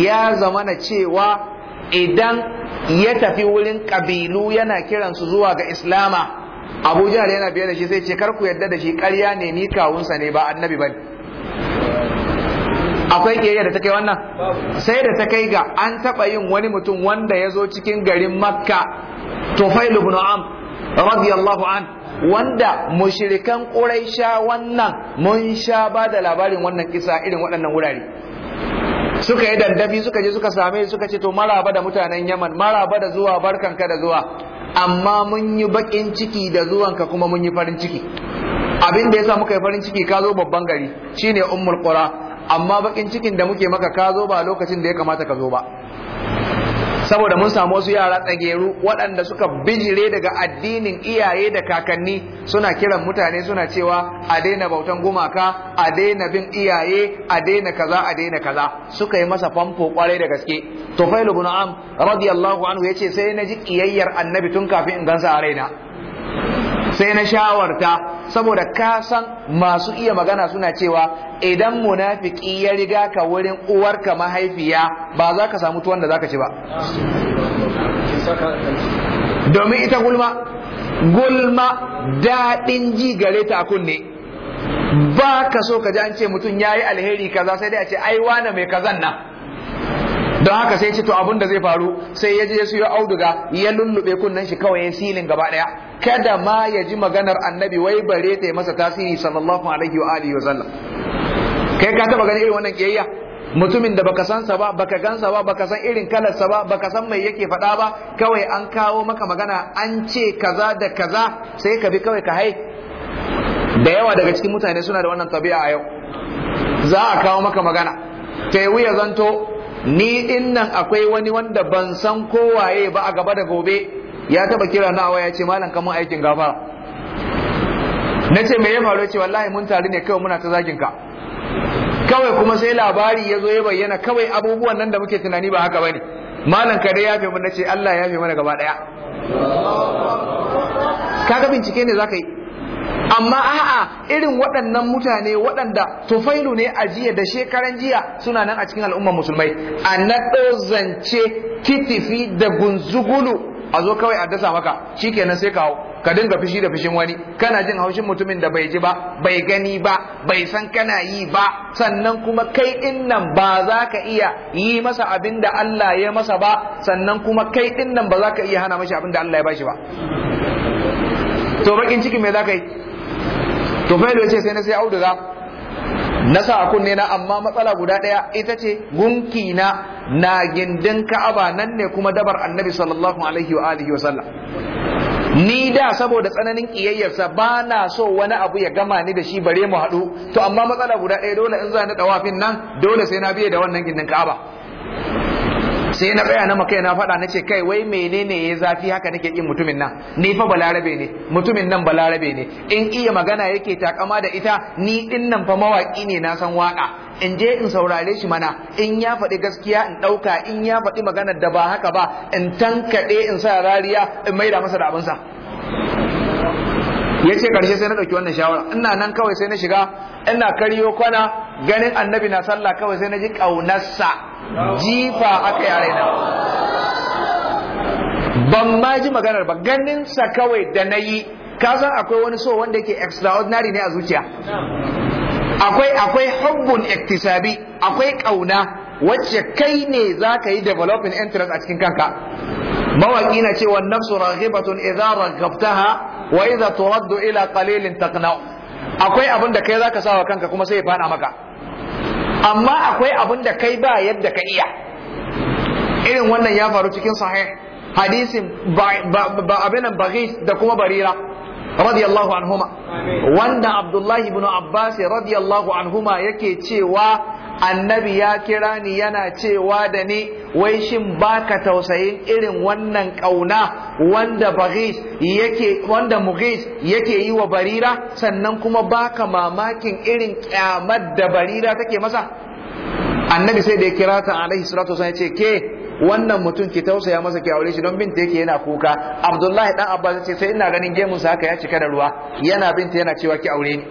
ya zamana cewa idan ya tafi wurin ƙabilu yana kiransu zuwa ga Islama Abu Jahal yana biye da shi sai ce kar ku da shi karya ne ni kawunsa ne ba annabi bane akwai kiyayya da ta kai wannan sai da ta kai ga an taɓa yin wani mutum wanda ya zo cikin garin makka tufailu ibn am radiyallahu an wanda mushirikan quraisha wannan mun sha ba da labarin wannan kisa irin waɗannan wurare suka yi dandabi suka je suka same suka ce to maraba da mutanen yaman maraba da zuwa barkanka da zuwa amma mun yi bakin ciki da zuwanka kuma mun yi farin ciki abin da yasa muka yi farin ciki ka zo babban gari shine ummul qura amma bakin cikin da muke maka ka zo ba lokacin da ya kamata ka zo ba saboda mun samu wasu yara tsageru waɗanda suka bijire daga addinin iyaye da kakanni suna kiran mutane suna cewa a daina bautan gumaka a daina bin iyaye a daina kaza a daina kaza suka yi masa famfo kwarai da gaske tufail ibn am radiyallahu anhu yace sai na ji kiyayyar annabi tun kafin in gansa a raina sai na shawarta saboda ka san masu iya magana suna cewa idan munafiki ya riga ka wurin uwarka mahaifiya ba za ka samu tuwon da za ka ci ba domin ita gulma gulma daɗin ji gare ta a kunne ba ka so ka ji an ce mutum ya yi alheri kaza sai dai a ce ai wane mai kazan nan don haka sai ce to abin da zai faru sai ya je ya siyo auduga ya lullube kunnen shi kawai ya silin gaba daya kada ma ya ji maganar annabi wai bare ta yi masa tasiri sallallahu alaihi wa alihi wa sallam kai ka taba ganin irin wannan kiyayya mutumin da baka san sa ba baka gansa ba baka san irin kalar sa ba baka san mai yake faɗa ba kawai an kawo maka magana an ce kaza da kaza sai ka bi kawai ka hai da yawa daga cikin mutane suna da wannan tabi'a a yau za a kawo maka magana ta wuya zanto ni dinnan akwai wani wanda ban san kowaye ba a gaba da gobe ya taba kira na waya ce malam kamun aikin gafara na ce me ya faru ce wallahi mun taru ne kawai muna ta zagin ka kawai kuma sai labari ya zo ya bayyana kawai abubuwan nan da muke tunani ba haka bane malam ka dai fi mun nace Allah ya yafe mana gaba daya ga bincike ne zaka yi amma a'a irin waɗannan mutane waɗanda tufailu ne a jiya da shekaran jiya suna nan a cikin al'ummar musulmai a naɗo zance kitifi da gunzugulu a zo kawai a dasa maka shikenan sai kawo ka dinga fishi da fishin wani kana jin haushin mutumin da bai ji ba bai gani ba bai san kana yi ba sannan kuma kai din nan ba za ka iya yi masa abin da Allah ya masa ba sannan kuma kai din nan ba za ka iya hana mashi abin da Allah ya bashi ba to bakin ciki me za ka yi to fa ce sai na sai auduga na sa a kunne na amma matsala guda ɗaya ita ce gunki na na gindin ka'aba nan ne kuma dabar annabi sallallahu alaihi wa alihi wa sallam ni da saboda tsananin kiyayyarsa ba na so wani abu ya gama ni da shi bare mu haɗu to amma matsala guda ɗaya dole in za ni dawafin nan dole sai na biye da wannan gindin ka'aba sai na tsaya na makai na faɗa na ce kai wai menene ya zafi haka nake kin mutumin nan ni fa balarabe ne mutumin nan balarabe ne in iya magana yake takama da ita ni din nan fa mawaki ne na san waka in je in saurare shi mana in ya faɗi gaskiya in ɗauka in ya faɗi maganar da ba haka ba in tankaɗe in sa rariya in maida masa da abinsa ya ce karshe sai na ɗauki wannan shawara ina nan kawai sai na shiga ina karyo kwana ganin annabi na sallah kawai sai na ji ƙaunarsa jifa aka yare na ban ma ji maganar ba ganinsa kawai da na yi ka akwai wani so wanda yake extraordinary ne a zuciya akwai akwai hubbun iktisabi akwai ƙauna wacce kai ne za ka yi developing interest a cikin kanka mawaki na cewa nafsu raghibatun idza raghibtaha wa idza turaddu ila qalilin taqna'u akwai abin da kai zaka sawa kanka kuma sai ya fana maka amma akwai abin da kai ba yadda ka iya irin wannan ya faru cikin sahih hadisin ba abinan baghis da kuma barira radiyallahu anhuma wanda abdullahi ibn abbas radiyallahu anhuma yake cewa annabi ya kira ni yana cewa da ni wai shin baka tausayin irin wannan kauna wanda baghis yake wanda mughis yake yi wa barira sannan kuma baka mamakin irin kyamar da barira take masa annabi sai da ya kira ta alaihi salatu wasallam ya ke wannan mutum ki tausaya masa ki aure shi don binta yake yana kuka abdullahi dan abbas ce sai ina ganin gemun sa haka ya cika da ruwa yana binta yana cewa ki aure ni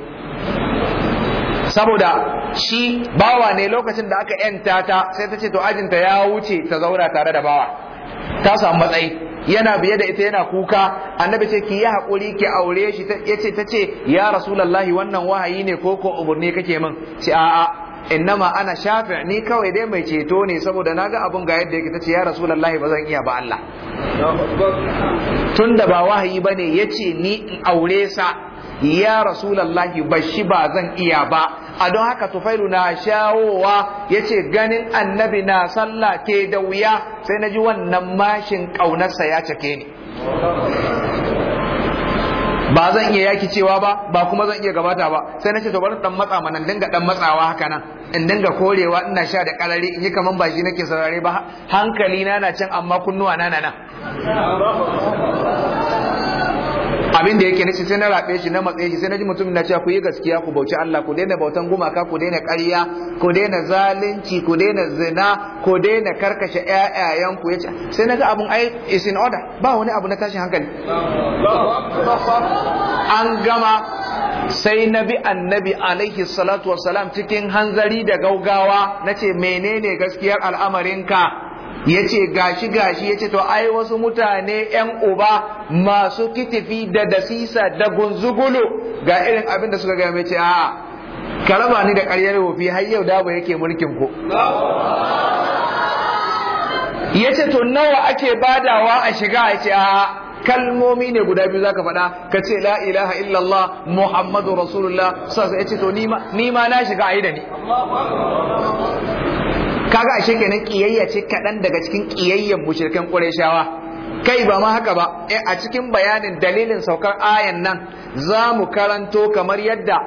saboda shi bawa ne lokacin da aka yanta ta sai ta ce to ajinta ya wuce ta zaura tare da bawa ta samu matsayi yana biye da ita yana kuka annabi ce ki yi hakuri ki aure shi yace ce ya rasulullahi wannan wahayi ne ko ko umurni kake min ce a'a innama ana shafi ni kawai dai mai ceto ne saboda naga abun ga yadda yake tace ya rasulullahi ba zan iya ba Allah tunda ba wahayi bane yace ni in aure sa ya rasulullahi bashi ba zan iya ba a don haka tufailu na shawowa yace ganin annabi na sallah ke da wuya sai ji wannan mashin ƙaunarsa ya cake ni ba zan iya yaki cewa ba ba kuma zan iya gabata ba sai nace to bari dan matsa mana dinga dan matsawa haka nan in dinga korewa ina sha da kalare in yi kaman ba nake saurare ba hankali na na can amma kunnuwa na na nan abin da yake nishi sai na rabe shi na matsayi shi sai na ji mutum na cewa ku yi gaskiya ku bauci Allah ku daina bautan gumaka ku daina ƙarya ku daina zalunci ku daina zina ku daina karkashe ƴaƴayen ku yace sai na ga abun ai is in order ba wani abu na tashin hankali an gama sai nabi annabi alaihi salatu wassalam cikin hanzari da gaugawa nace menene gaskiyar al'amarinka ya ce gashi gashi ya ce to ai wasu mutane ‘yan uba masu kitifi da dasisa da gunzugulu ga irin abin da suka gaya ce a karaba ni da karyar wofi har yau dabo yake mulkin ku ya ce to nawa ake badawa a shiga ya ce a kalmomi ne guda biyu zaka faɗa ka ce la ilaha illallah muhammadu rasulullah Sasa ya ce to ni ma na shiga ayi da ni kaga ashe kenan kiyayya ce kaɗan daga cikin kiyayyan mushrikan Qurayshawa kai ba ma haka ba Eh, a cikin bayanin dalilin saukar ayan nan za mu karanto kamar yadda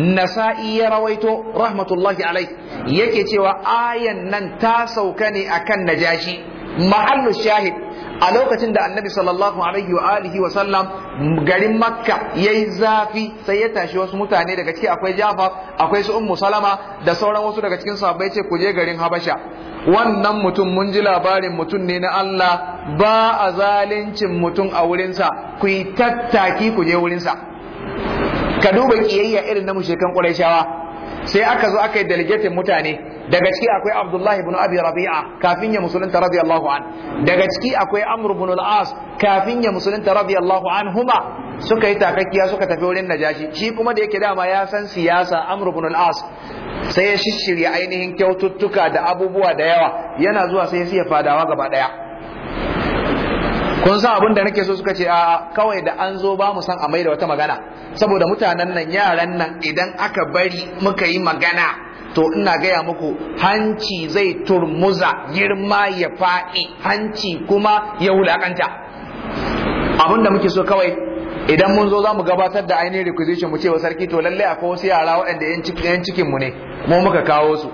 nasa'i ya rawaito rahmatullahi alai yake cewa ayan nan ta sauka ne akan najashi mahallu shahid a lokacin da annabi sallallahu alaihi wa alihi wa sallam garin makka yayi zafi sai ya tashi wasu mutane daga ciki akwai jafa akwai su ummu salama da sauran wasu daga cikin sahabbai ce kuje garin habasha wannan mutum mun ji labarin mutum ne na Allah ba a zalincin mutum a wurinsa ku yi tattaki ku je wurinsa ka duba kiyayya irin na mushekan ƙurayshawa sai aka zo aka yi delegatin mutane daga ciki akwai Abdullahi ibn Abi Rabi'a kafin ya musulunta radiyallahu an daga ciki akwai Amr ibn al-As kafin ya musulunta radiyallahu huma suka yi takakkiya suka tafi wurin Najashi shi kuma da yake dama ya san siyasa Amr ibn al-As sai ya shishirya ainihin kyaututtuka da abubuwa da yawa yana zuwa sai ya siya fadawa gaba daya kun san abin da nake so suka ce a kawai da an zo ba mu san a mai da wata magana saboda mutanen nan yaran nan idan aka bari muka yi magana to ina gaya muku hanci zai turmuza girma ya faɗi hanci kuma ya wulakanta abin da muke so kawai idan mun zo za mu gabatar da ainihin requisition mu ce wa sarki to lallai akwai wasu yara waɗanda yan cikin mu ne mu muka kawo su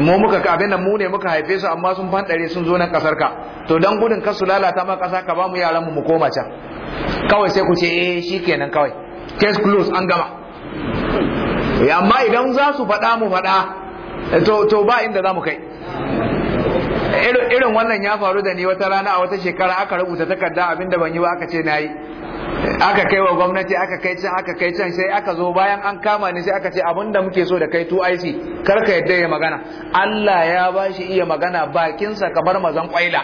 mu muka abin da mu ne muka haife su amma sun fanɗare sun zo nan kasar ka to dan gudun kar su lalata ma kasa ka ba mu yaran mu mu koma can kawai sai ku ce eh shikenan kawai case close an gama Eh, amma idan za su faɗa mu faɗa eh, to ba inda za mu kai irin wannan ya faru da ni wata rana a wata shekara aka rubuta takarda abinda ban yi ba aka ce na yi aka kai wa gwamnati aka kai can aka kai can sai aka zo bayan an kama ni sai aka ce abin da muke so da kai 2IC kar ka yadda ya magana Allah ya ba shi iya magana bakinsa kamar mazan kwaila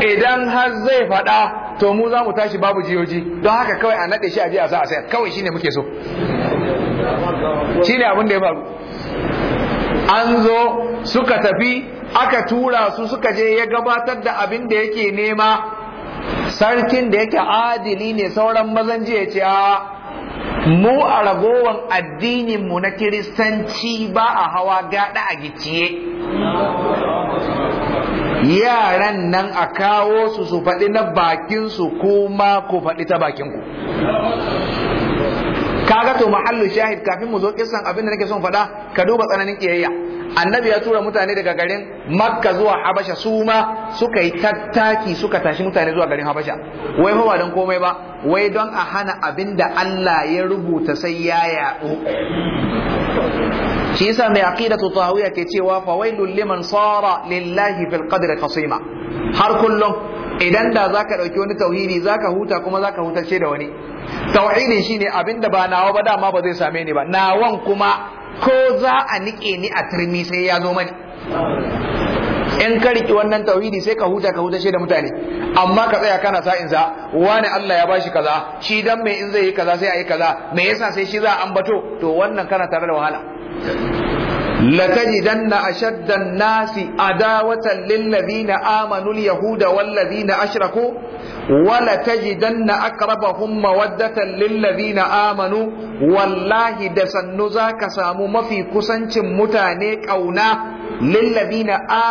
idan har zai faɗa to mu za mu tashi babu jiyoji don haka kawai a naɗe shi a jiya za a sayar kawai shine muke so shine abin da ya faru an zo suka tafi aka tura su suka je ya gabatar da abin da yake nema sarkin da yake adili ne sauran mazan jiya ce a mu a ragowar addininmu na kiristanci ba a hawa gada a gicciye yaran nan a kawo su su faɗi na bakinsu kuma ku faɗi ta bakinku kaga to mahallu shahid kafin mu zo kisan abin da nake son faɗa ka duba tsananin kiyayya annabi ya tura mutane daga garin makka zuwa habasha su ma suka yi tattaki suka tashi mutane zuwa garin habasha wai ba don komai ba wai don a hana abin da Allah ya rubuta sai ya yaɗo? shi yasa mai aqidatu tahawiyya ke cewa fa wailul liman sara lillahi fil qadri qasima har kullum idan da zaka dauki wani tauhidi zaka huta kuma zaka hutarce da wani tauhidi shine abinda ba nawa ba dama ba zai same ni ba nawan kuma ko za a nike ni a turmi sai ya zo mani in ka riki wannan tauhidi sai ka huta ka hutashe da mutane amma ka tsaya kana sa in za wani Allah ya bashi kaza shi dan me in zai yi kaza sai a yi kaza me yasa sai shi za a ambato to wannan kana tare da wahala لتجدن أشد الناس عداوة للذين آمنوا اليهود والذين أشركوا ولتجدن أقربهم مودة للذين آمنوا والله دسنزا كسامو ما في كسنش متانيك أونا للذين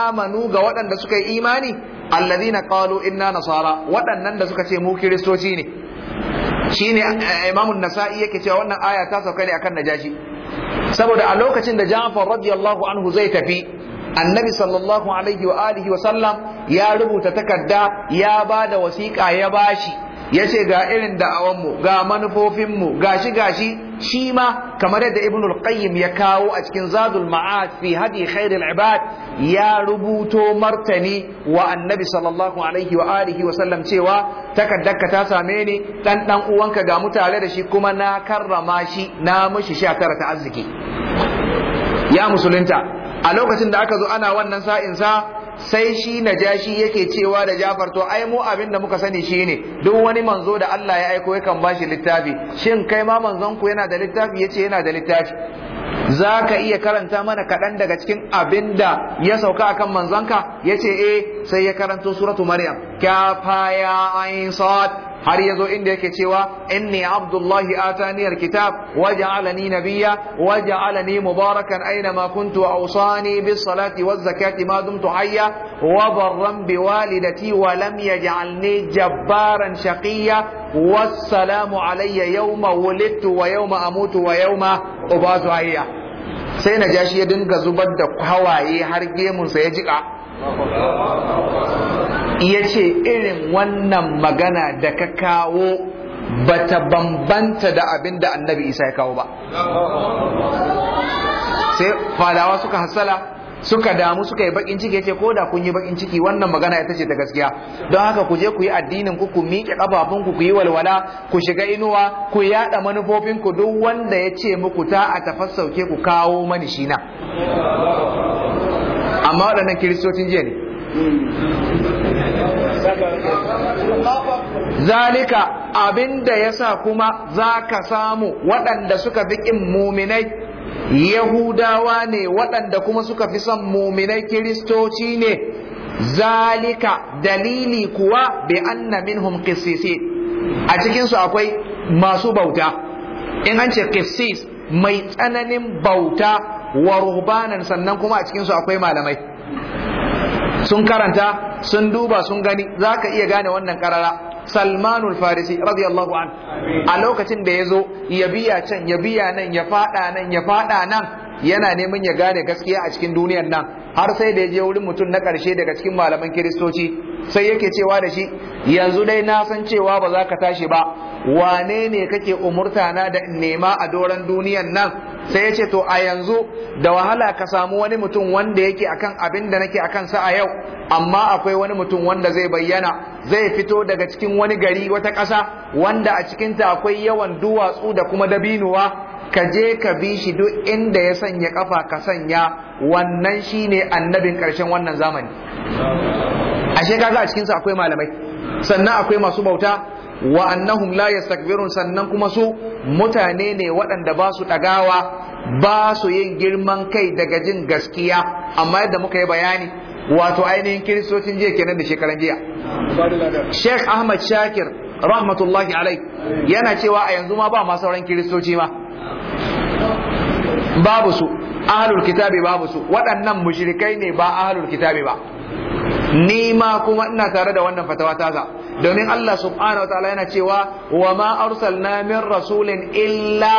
آمنوا قوانا دسك إيماني الذين قالوا إنا نصارى وانا دسك مو كريستوسيني شيني إمام النسائي يكتب وانا آية تاسو كالي أكن نجاشي saboda a lokacin da Ja'far radiyallahu anhu zai tafi annabi sallallahu alaihi wa alihi wa sallam ya rubuta takarda ya bada wasiƙa ya bashi ya ce ga irin da'awanmu ga manufofinmu gashi gashi shi ma kamar yadda al qayyim ya kawo a cikin zadul ma'ad fi hadi khairil ibad ya rubuto martani wa annabi sallallahu alaihi wa alihi wa sallam cewa takaddaka ta same ni dan dan uwanka ga mutane da shi kuma na karrama shi na mushi sha tara ta arziki ya musulunta a lokacin da aka zo ana wannan sa'in sa sai shi najashi yake cewa da jafar to ai mu abin da muka sani shine duk wani manzo da Allah ya aiko yakan bashi littafi shin kai ma manzon ku yana da littafi yace yana da littafi zaka iya karanta mana kaɗan daga cikin abin da ya sauka akan manzonka yace eh sai ya karanto suratu maryam kyafa ya ain sad har yazo inda yake cewa inni abdullahi atani alkitab waja'alani nabiyya waja'alani mubarakan aina ma kuntu wa awsani bis salati waz zakati ma dumtu hayya wa barran bi walidati wa lam yaj'alni jabbaran shaqiyya والسلام علي يوم ولدت ويوم أموت ويوم أبعث حيا sai na jashi ya dinga zubar da hawaye har gemunsa ya jiƙa. ya ce irin wannan magana da ka kawo bata bambanta da abin da annabi isa ya kawo ba sai fadawa suka hasala suka damu suka yi bakin ciki yace ko da kun yi bakin ciki wannan magana ita ce ta gaskiya don haka ku je ku yi addinin ku ku miƙe kafafun ku ku yi walwala ku shiga inuwa ku yada manufofin ku duk wanda ya ce muku ta a tafassauke ku kawo mani shi na amma waɗannan kiristocin jiya ne zalika abinda yasa kuma zaka samu waɗanda suka fi ƙin muminai yahudawa ne waɗanda kuma suka fi son muminai kiristoci ne zalika dalili kuwa bi anna minhum qissisi a cikinsu akwai masu bauta in an ce qissis mai tsananin bauta wa ruhbanan sannan kuma a cikinsu akwai malamai sun karanta sun duba sun gani za ka iya gane wannan karara salmanul farisi radiyallahu an a lokacin da ya zo ya biya can ya biya nan ya fada nan ya fada nan yana neman ya gane gaskiya a cikin duniyar nan har sai da ya je wurin mutum na karshe daga cikin malaman kiristoci sai yake cewa da shi yanzu dai na san cewa ba za ka tashi ba wane ne kake umurta na da nema a doron duniyar nan sai ya ce to a yanzu da wahala ka samu wani mutum wanda yake akan abin da nake akan sa a yau amma akwai wani mutum wanda zai bayyana zai fito daga cikin wani gari wata ƙasa wanda a cikinta akwai yawan duwatsu da kuma dabinuwa ka je ka bi shi duk inda ya sanya kafa ka sanya wannan shi ne annabin ƙarshen wannan zamani ashe kaga a cikinsa akwai malamai sannan akwai masu bauta wa annahum la yastakbirun sannan kuma su mutane ne waɗanda ba su ɗagawa ba su yin girman kai daga jin gaskiya amma yadda muka yi bayani wato ainihin kiristocin jiya kenan da shekaran jiya Sheikh Ahmad Shakir rahmatullahi alai yana cewa a yanzu ma ba ma sauran kiristoci ma babu su ahlul kitabi babu su waɗannan mushrikai ne ba ahlul kitabi ba ni ma kuma ina tare da wannan fatawa taza domin Allah subhanahu wa ta'ala yana cewa wa ma arsalna min rasulin illa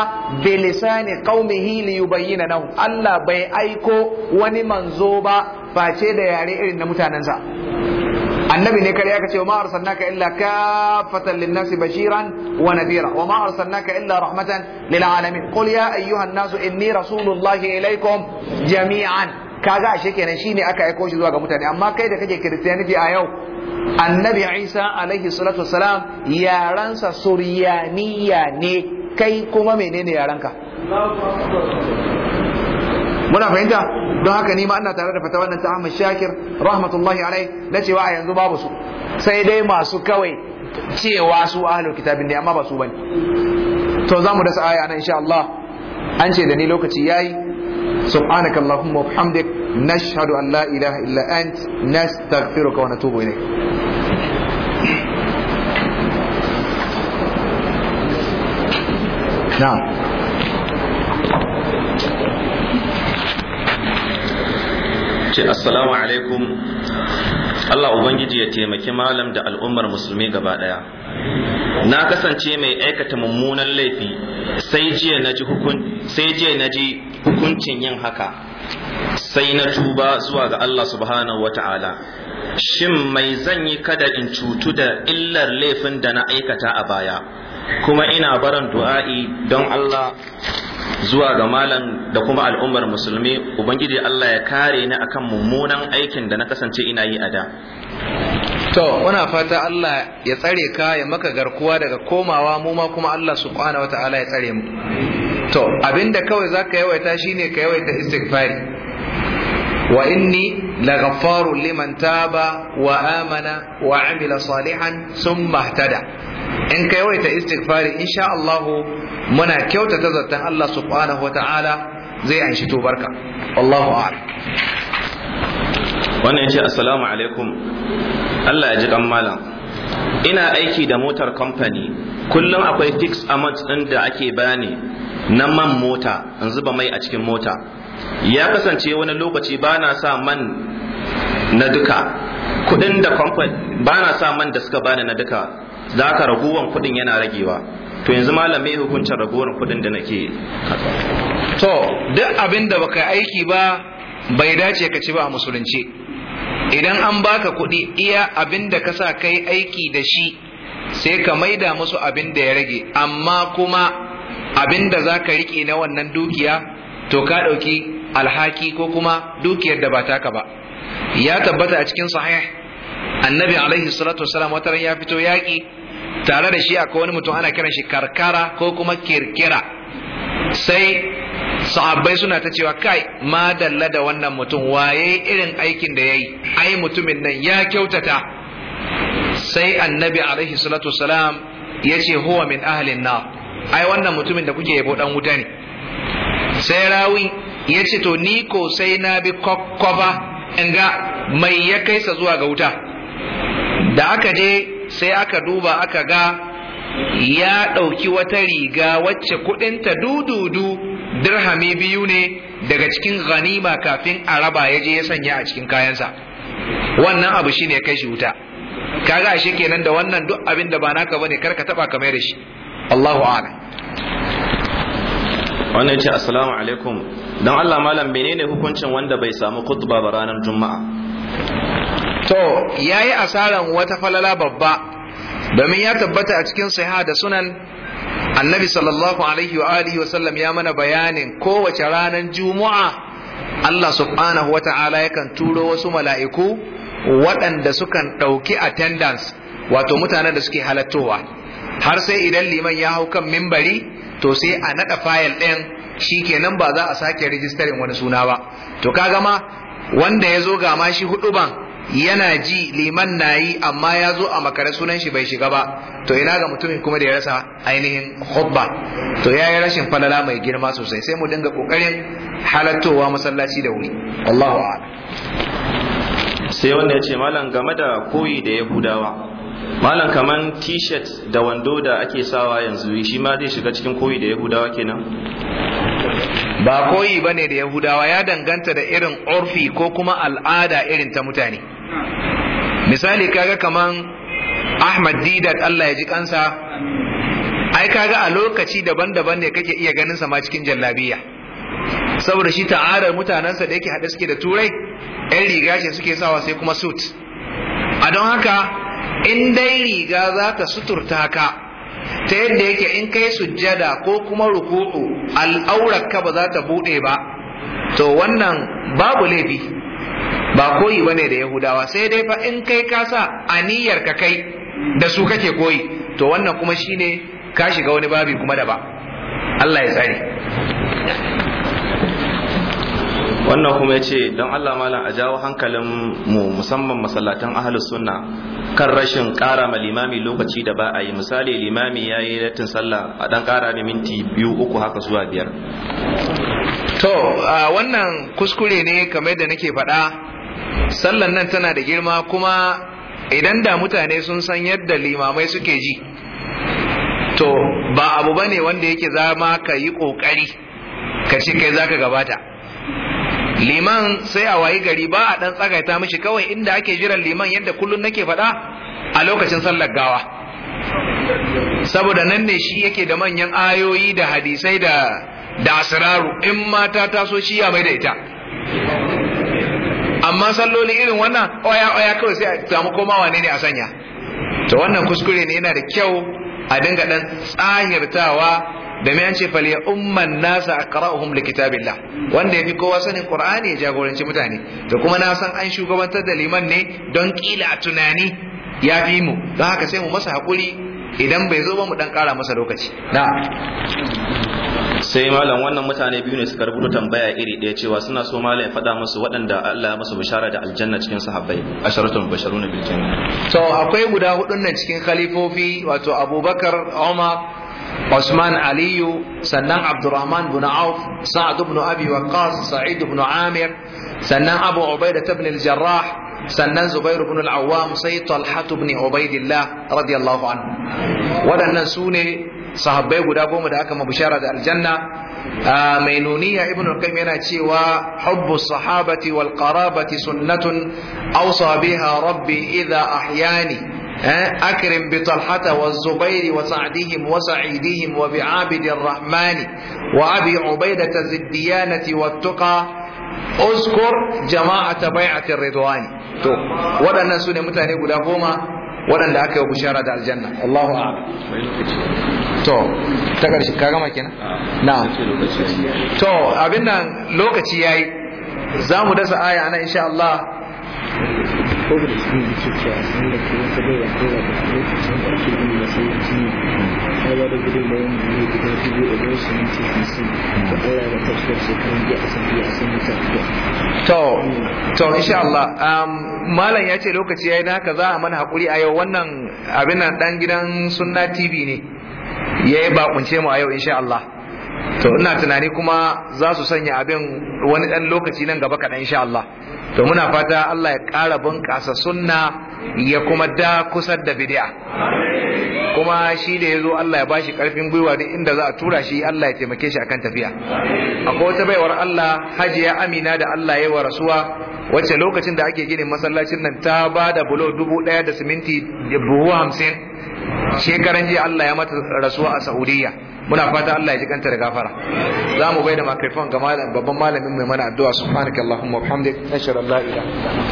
bi lisani qaumihi li yubayyana lahu Allah bai aiko wani manzo ba face da yare irin na mutanensa annabi ne kare aka ce ma arsalnaka illa kafatan linnasi bashiran wa nadira wa ma arsalnaka illa rahmatan lil alamin qul ya ayyuhan nasu inni rasulullahi ilaikum jami'an kaga ashe kenan shine aka aiko shi zuwa ga mutane amma kai da kake christianity a yau annabi isa alaihi salatu wassalam yaransa suryaniya ne kai kuma menene yaranka muna fahimta don haka ni ma ana tare da fatawa nan ta Ahmad Shakir rahmatullahi alai na cewa a yanzu babu su sai dai masu kawai cewa su ahlul kitabin ne amma ba su bane to za mu dasa aya nan insha Allah an ce da ni lokaci yayi سبحانك اللهم وبحمدك نشهد أن لا إله إلا أنت نستغفرك ونتوب إليك نعم ce assalamu alaikum Allah Ubangiji ya taimaki malam da al'ummar musulmi gaba ɗaya. Na kasance mai aikata mummunan laifi sai jiya na ji hukuncin yin haka, sai na tuba zuwa ga Allah subhanahu wa ta'ala. Shin mai zan yi kada in cutu da illar laifin da na aikata a baya, kuma ina baran du'a'i don Allah zuwa ga malam da kuma al'ummar musulmi ubangiji Allah ya kare ni akan mummunan aikin da na kasance ina yi a da to muna fata Allah ya tsare ka ya maka garkuwa daga komawa mu ma kuma Allah subhanahu wataala ya tsare mu to abinda kawai zaka yawaita shine ka yawaita istighfari wa inni laghafaru liman taba wa amana wa amila salihan summa ihtada in kai ta istighfari insha Allah muna kyautata zartan Allah subhanahu ta'ala zai anshi tubarka. Allahu a'lam wannan yace assalamu alaikum Allah ya ji kan malam ina aiki da motar company kullum akwai fix amount din da ake bani na man mota in zuba mai a cikin mota ya kasance wani lokaci ba na sa man na duka kudin da company ba na sa man da suka bani na duka za ka ragowar kuɗin yana ragewa to yanzu malam mai hukuncin raguwar kuɗin da nake to duk abin da baka aiki ba bai dace ka ci ba a musulunci idan an baka kuɗi iya abin da ka sa kai aiki da shi sai ka maida musu abin da ya rage amma kuma abin da za ka riƙe na wannan dukiya to ka ɗauki alhaki ko kuma dukiyar da ba taka ba ya tabbata a cikin sahih annabi alaihi salatu wasalam wata ya fito yaƙi tare da shi akwai wani mutum ana kiran shi karkara ko kuma kirkira sai sahabbai suna ta cewa kai ma dalla da wannan mutum waye irin aikin da yayi ai mutumin nan ya kyautata sai annabi alaihi salatu salam ya ce huwa min ahlin na ai wannan mutumin da kuke yabo dan wuta ne sai rawi ya ce to ni ko sai na bi kokkoba in ga mai ya kaisa zuwa ga wuta da aka je sai aka duba aka ga ya ɗauki wata riga wacce kuɗinta dududu dirhami biyu ne daga cikin ganima kafin a raba ya je ya sanya a cikin kayansa wannan abu shine ne kai shi wuta kaga ashe kenan da wannan duk abin da ba naka bane kar ka taba ka mai da shi Allahu a'lam wannan ce assalamu alaikum dan Allah malam menene hukuncin wanda bai samu khutba ba ranar juma'a to ya yi asaran wata falala babba domin ya tabbata a cikin sahiha da sunan annabi sallallahu alaihi wa alihi wa ya mana bayanin kowace ranar juma'a Allah subhanahu wa ta'ala yakan turo wasu mala'iku waɗanda sukan ɗauki attendance wato mutanen da suke halattowa har sai idan liman ya hau kan mimbari to sai a naɗa fayil ɗin shi kenan ba za a sake rijistarin wani suna ba to kaga ma wanda ya zo ga ma shi hudu ban yana ji liman na yi amma ya zo a makare sunan shi bai shiga ba to ina ga mutumin kuma da ya rasa ainihin khutba to ya yi rashin falala mai girma sosai sai mu dinga kokarin halattowa masallaci da wuri Allahu sai wanda ya ce malam game da koyi da yahudawa malam kaman t-shirt da wando da ake sawa yanzu shi ma zai shiga cikin koyi da yahudawa kenan ba koyi bane da yahudawa ya danganta da irin orfi ko kuma al'ada irin ta mutane misali kaga kaman ahmad didat allah ya ji kansa ai kaga a lokaci daban-daban ne kake iya ganin sa ma cikin jallabiya saboda shi ta'arar mutanensa da yake haɗe suke da turai yan riga shi suke sawa sai kuma suit a don haka in dai riga za ta suturta ka ta yadda yake in kai sujjada ko kuma ruku'u al'aurar ka ba za ta buɗe ba to wannan babu laifi ba koyi bane da yahudawa sai dai fa in kai ka sa aniyar ka kai da su kake koyi to wannan kuma shine ka shiga wani babi kuma da ba Allah ya tsare wannan kuma ya ce don Allah malam a jawo hankalin mu musamman masallatan ahalus sunna kan rashin ƙara ma limami lokaci da ba a yi misali limami ya yi latin sallah a dan ƙara minti biyu uku haka zuwa biyar to wannan kuskure ne kamar da nake faɗa sallan nan tana da girma kuma idan da mutane sun san yadda limamai suke ji to ba abu bane wanda yake zama ka yi ƙoƙari ka ce kai zaka gabata liman sai a wayi gari ba a ɗan tsagaita mishi kawai inda ake jiran liman yadda kullum nake faɗa a lokacin sallar gawa saboda nan ne shi yake da manyan ayoyi da hadisai da da asiraru in mata taso shi ya mai da ita amma salloli irin wannan oya oya kawai sai a samu koma wane ne a sanya to wannan kuskure ne yana da kyau a dinga dan tsahirtawa da mai ce fal ya umman nasa aqra'uhum likitabillah wanda yafi kowa sanin qur'ani ya jagoranci mutane to kuma na san an shugabantar da liman ne don kila a tunani ya fi mu don haka sai mu masa hakuri idan bai zo ba mu dan kara masa lokaci na'am sai malam wannan mutane biyu ne suka rubuta tambaya iri ɗaya cewa suna so malam ya faɗa musu waɗanda Allah ya musu bishara da aljanna cikin sahabbai asharatul basharun bil janna to akwai guda hudun nan cikin khalifofi wato Abubakar Umar Usman Aliyu sannan Abdurrahman bin Auf Sa'd ibn Abi Waqqas Sa'id ibn Amir sannan Abu Ubaidah ibn al-Jarrah sannan Zubairu ibn al-Awwam sai Talha ibn Ubaidillah radiyallahu anhu waɗannan su ne sahabbai guda goma da aka ma bishara da aljanna mai nuniya ibn al-qayyim yana cewa hubbu sahabati wal qarabati sunnatun awsa biha rabbi idha ahyani أكرم بطلحة والزبير وسعدهم وسعيدهم وبعابد الرحمن وأبي عبيدة ذي الديانة والتقى أذكر جماعة بيعة الرضوان تو ودنا متى نقول waɗanda aka yi bushara da aljanna Allahu a'lam to ta ƙarshe ka gama kenan ah, Na. to abin nan lokaci yayi za mu dasa aya ana insha Allah ko da su ne ke a sun da ke wata da ya kowa da lokacin da ake yi masallaci ne har ya da gudun da yin da guda biyu da don su minti hamsin da Allah da kasuwa shekarun biya a san biya a san mutu da to to insha Allah um, malam ya ce lokaci yayi na haka za a mana haƙuri a yau wannan abin nan ɗan gidan sunna TV ne Ya yi baƙunce mu a yau insha Allah to ina tunani kuma za su sanya abin wani ɗan lokaci nan gaba kaɗan insha Allah to muna fata Allah ya ƙara bunƙasa sunna ya kuma da kusar da bid'a kuma shi da ya zo Allah ya bashi ƙarfin gwiwa duk inda za a tura shi Allah ya taimake shi akan tafiya akwai wata baiwar Allah hajiya amina da Allah ya wa rasuwa wacce lokacin da ake ginin masallacin nan ta ba da bulo dubu ɗaya da siminti buhu hamsin shekaran jiya Allah ya mata rasuwa a Saudiya muna fatan Allah ya ji kanta da gafara za mu bai da microphone ga babban malamin mai mana addu'a subhanakallahumma wa bihamdika ashhadu an la ilaha illa anta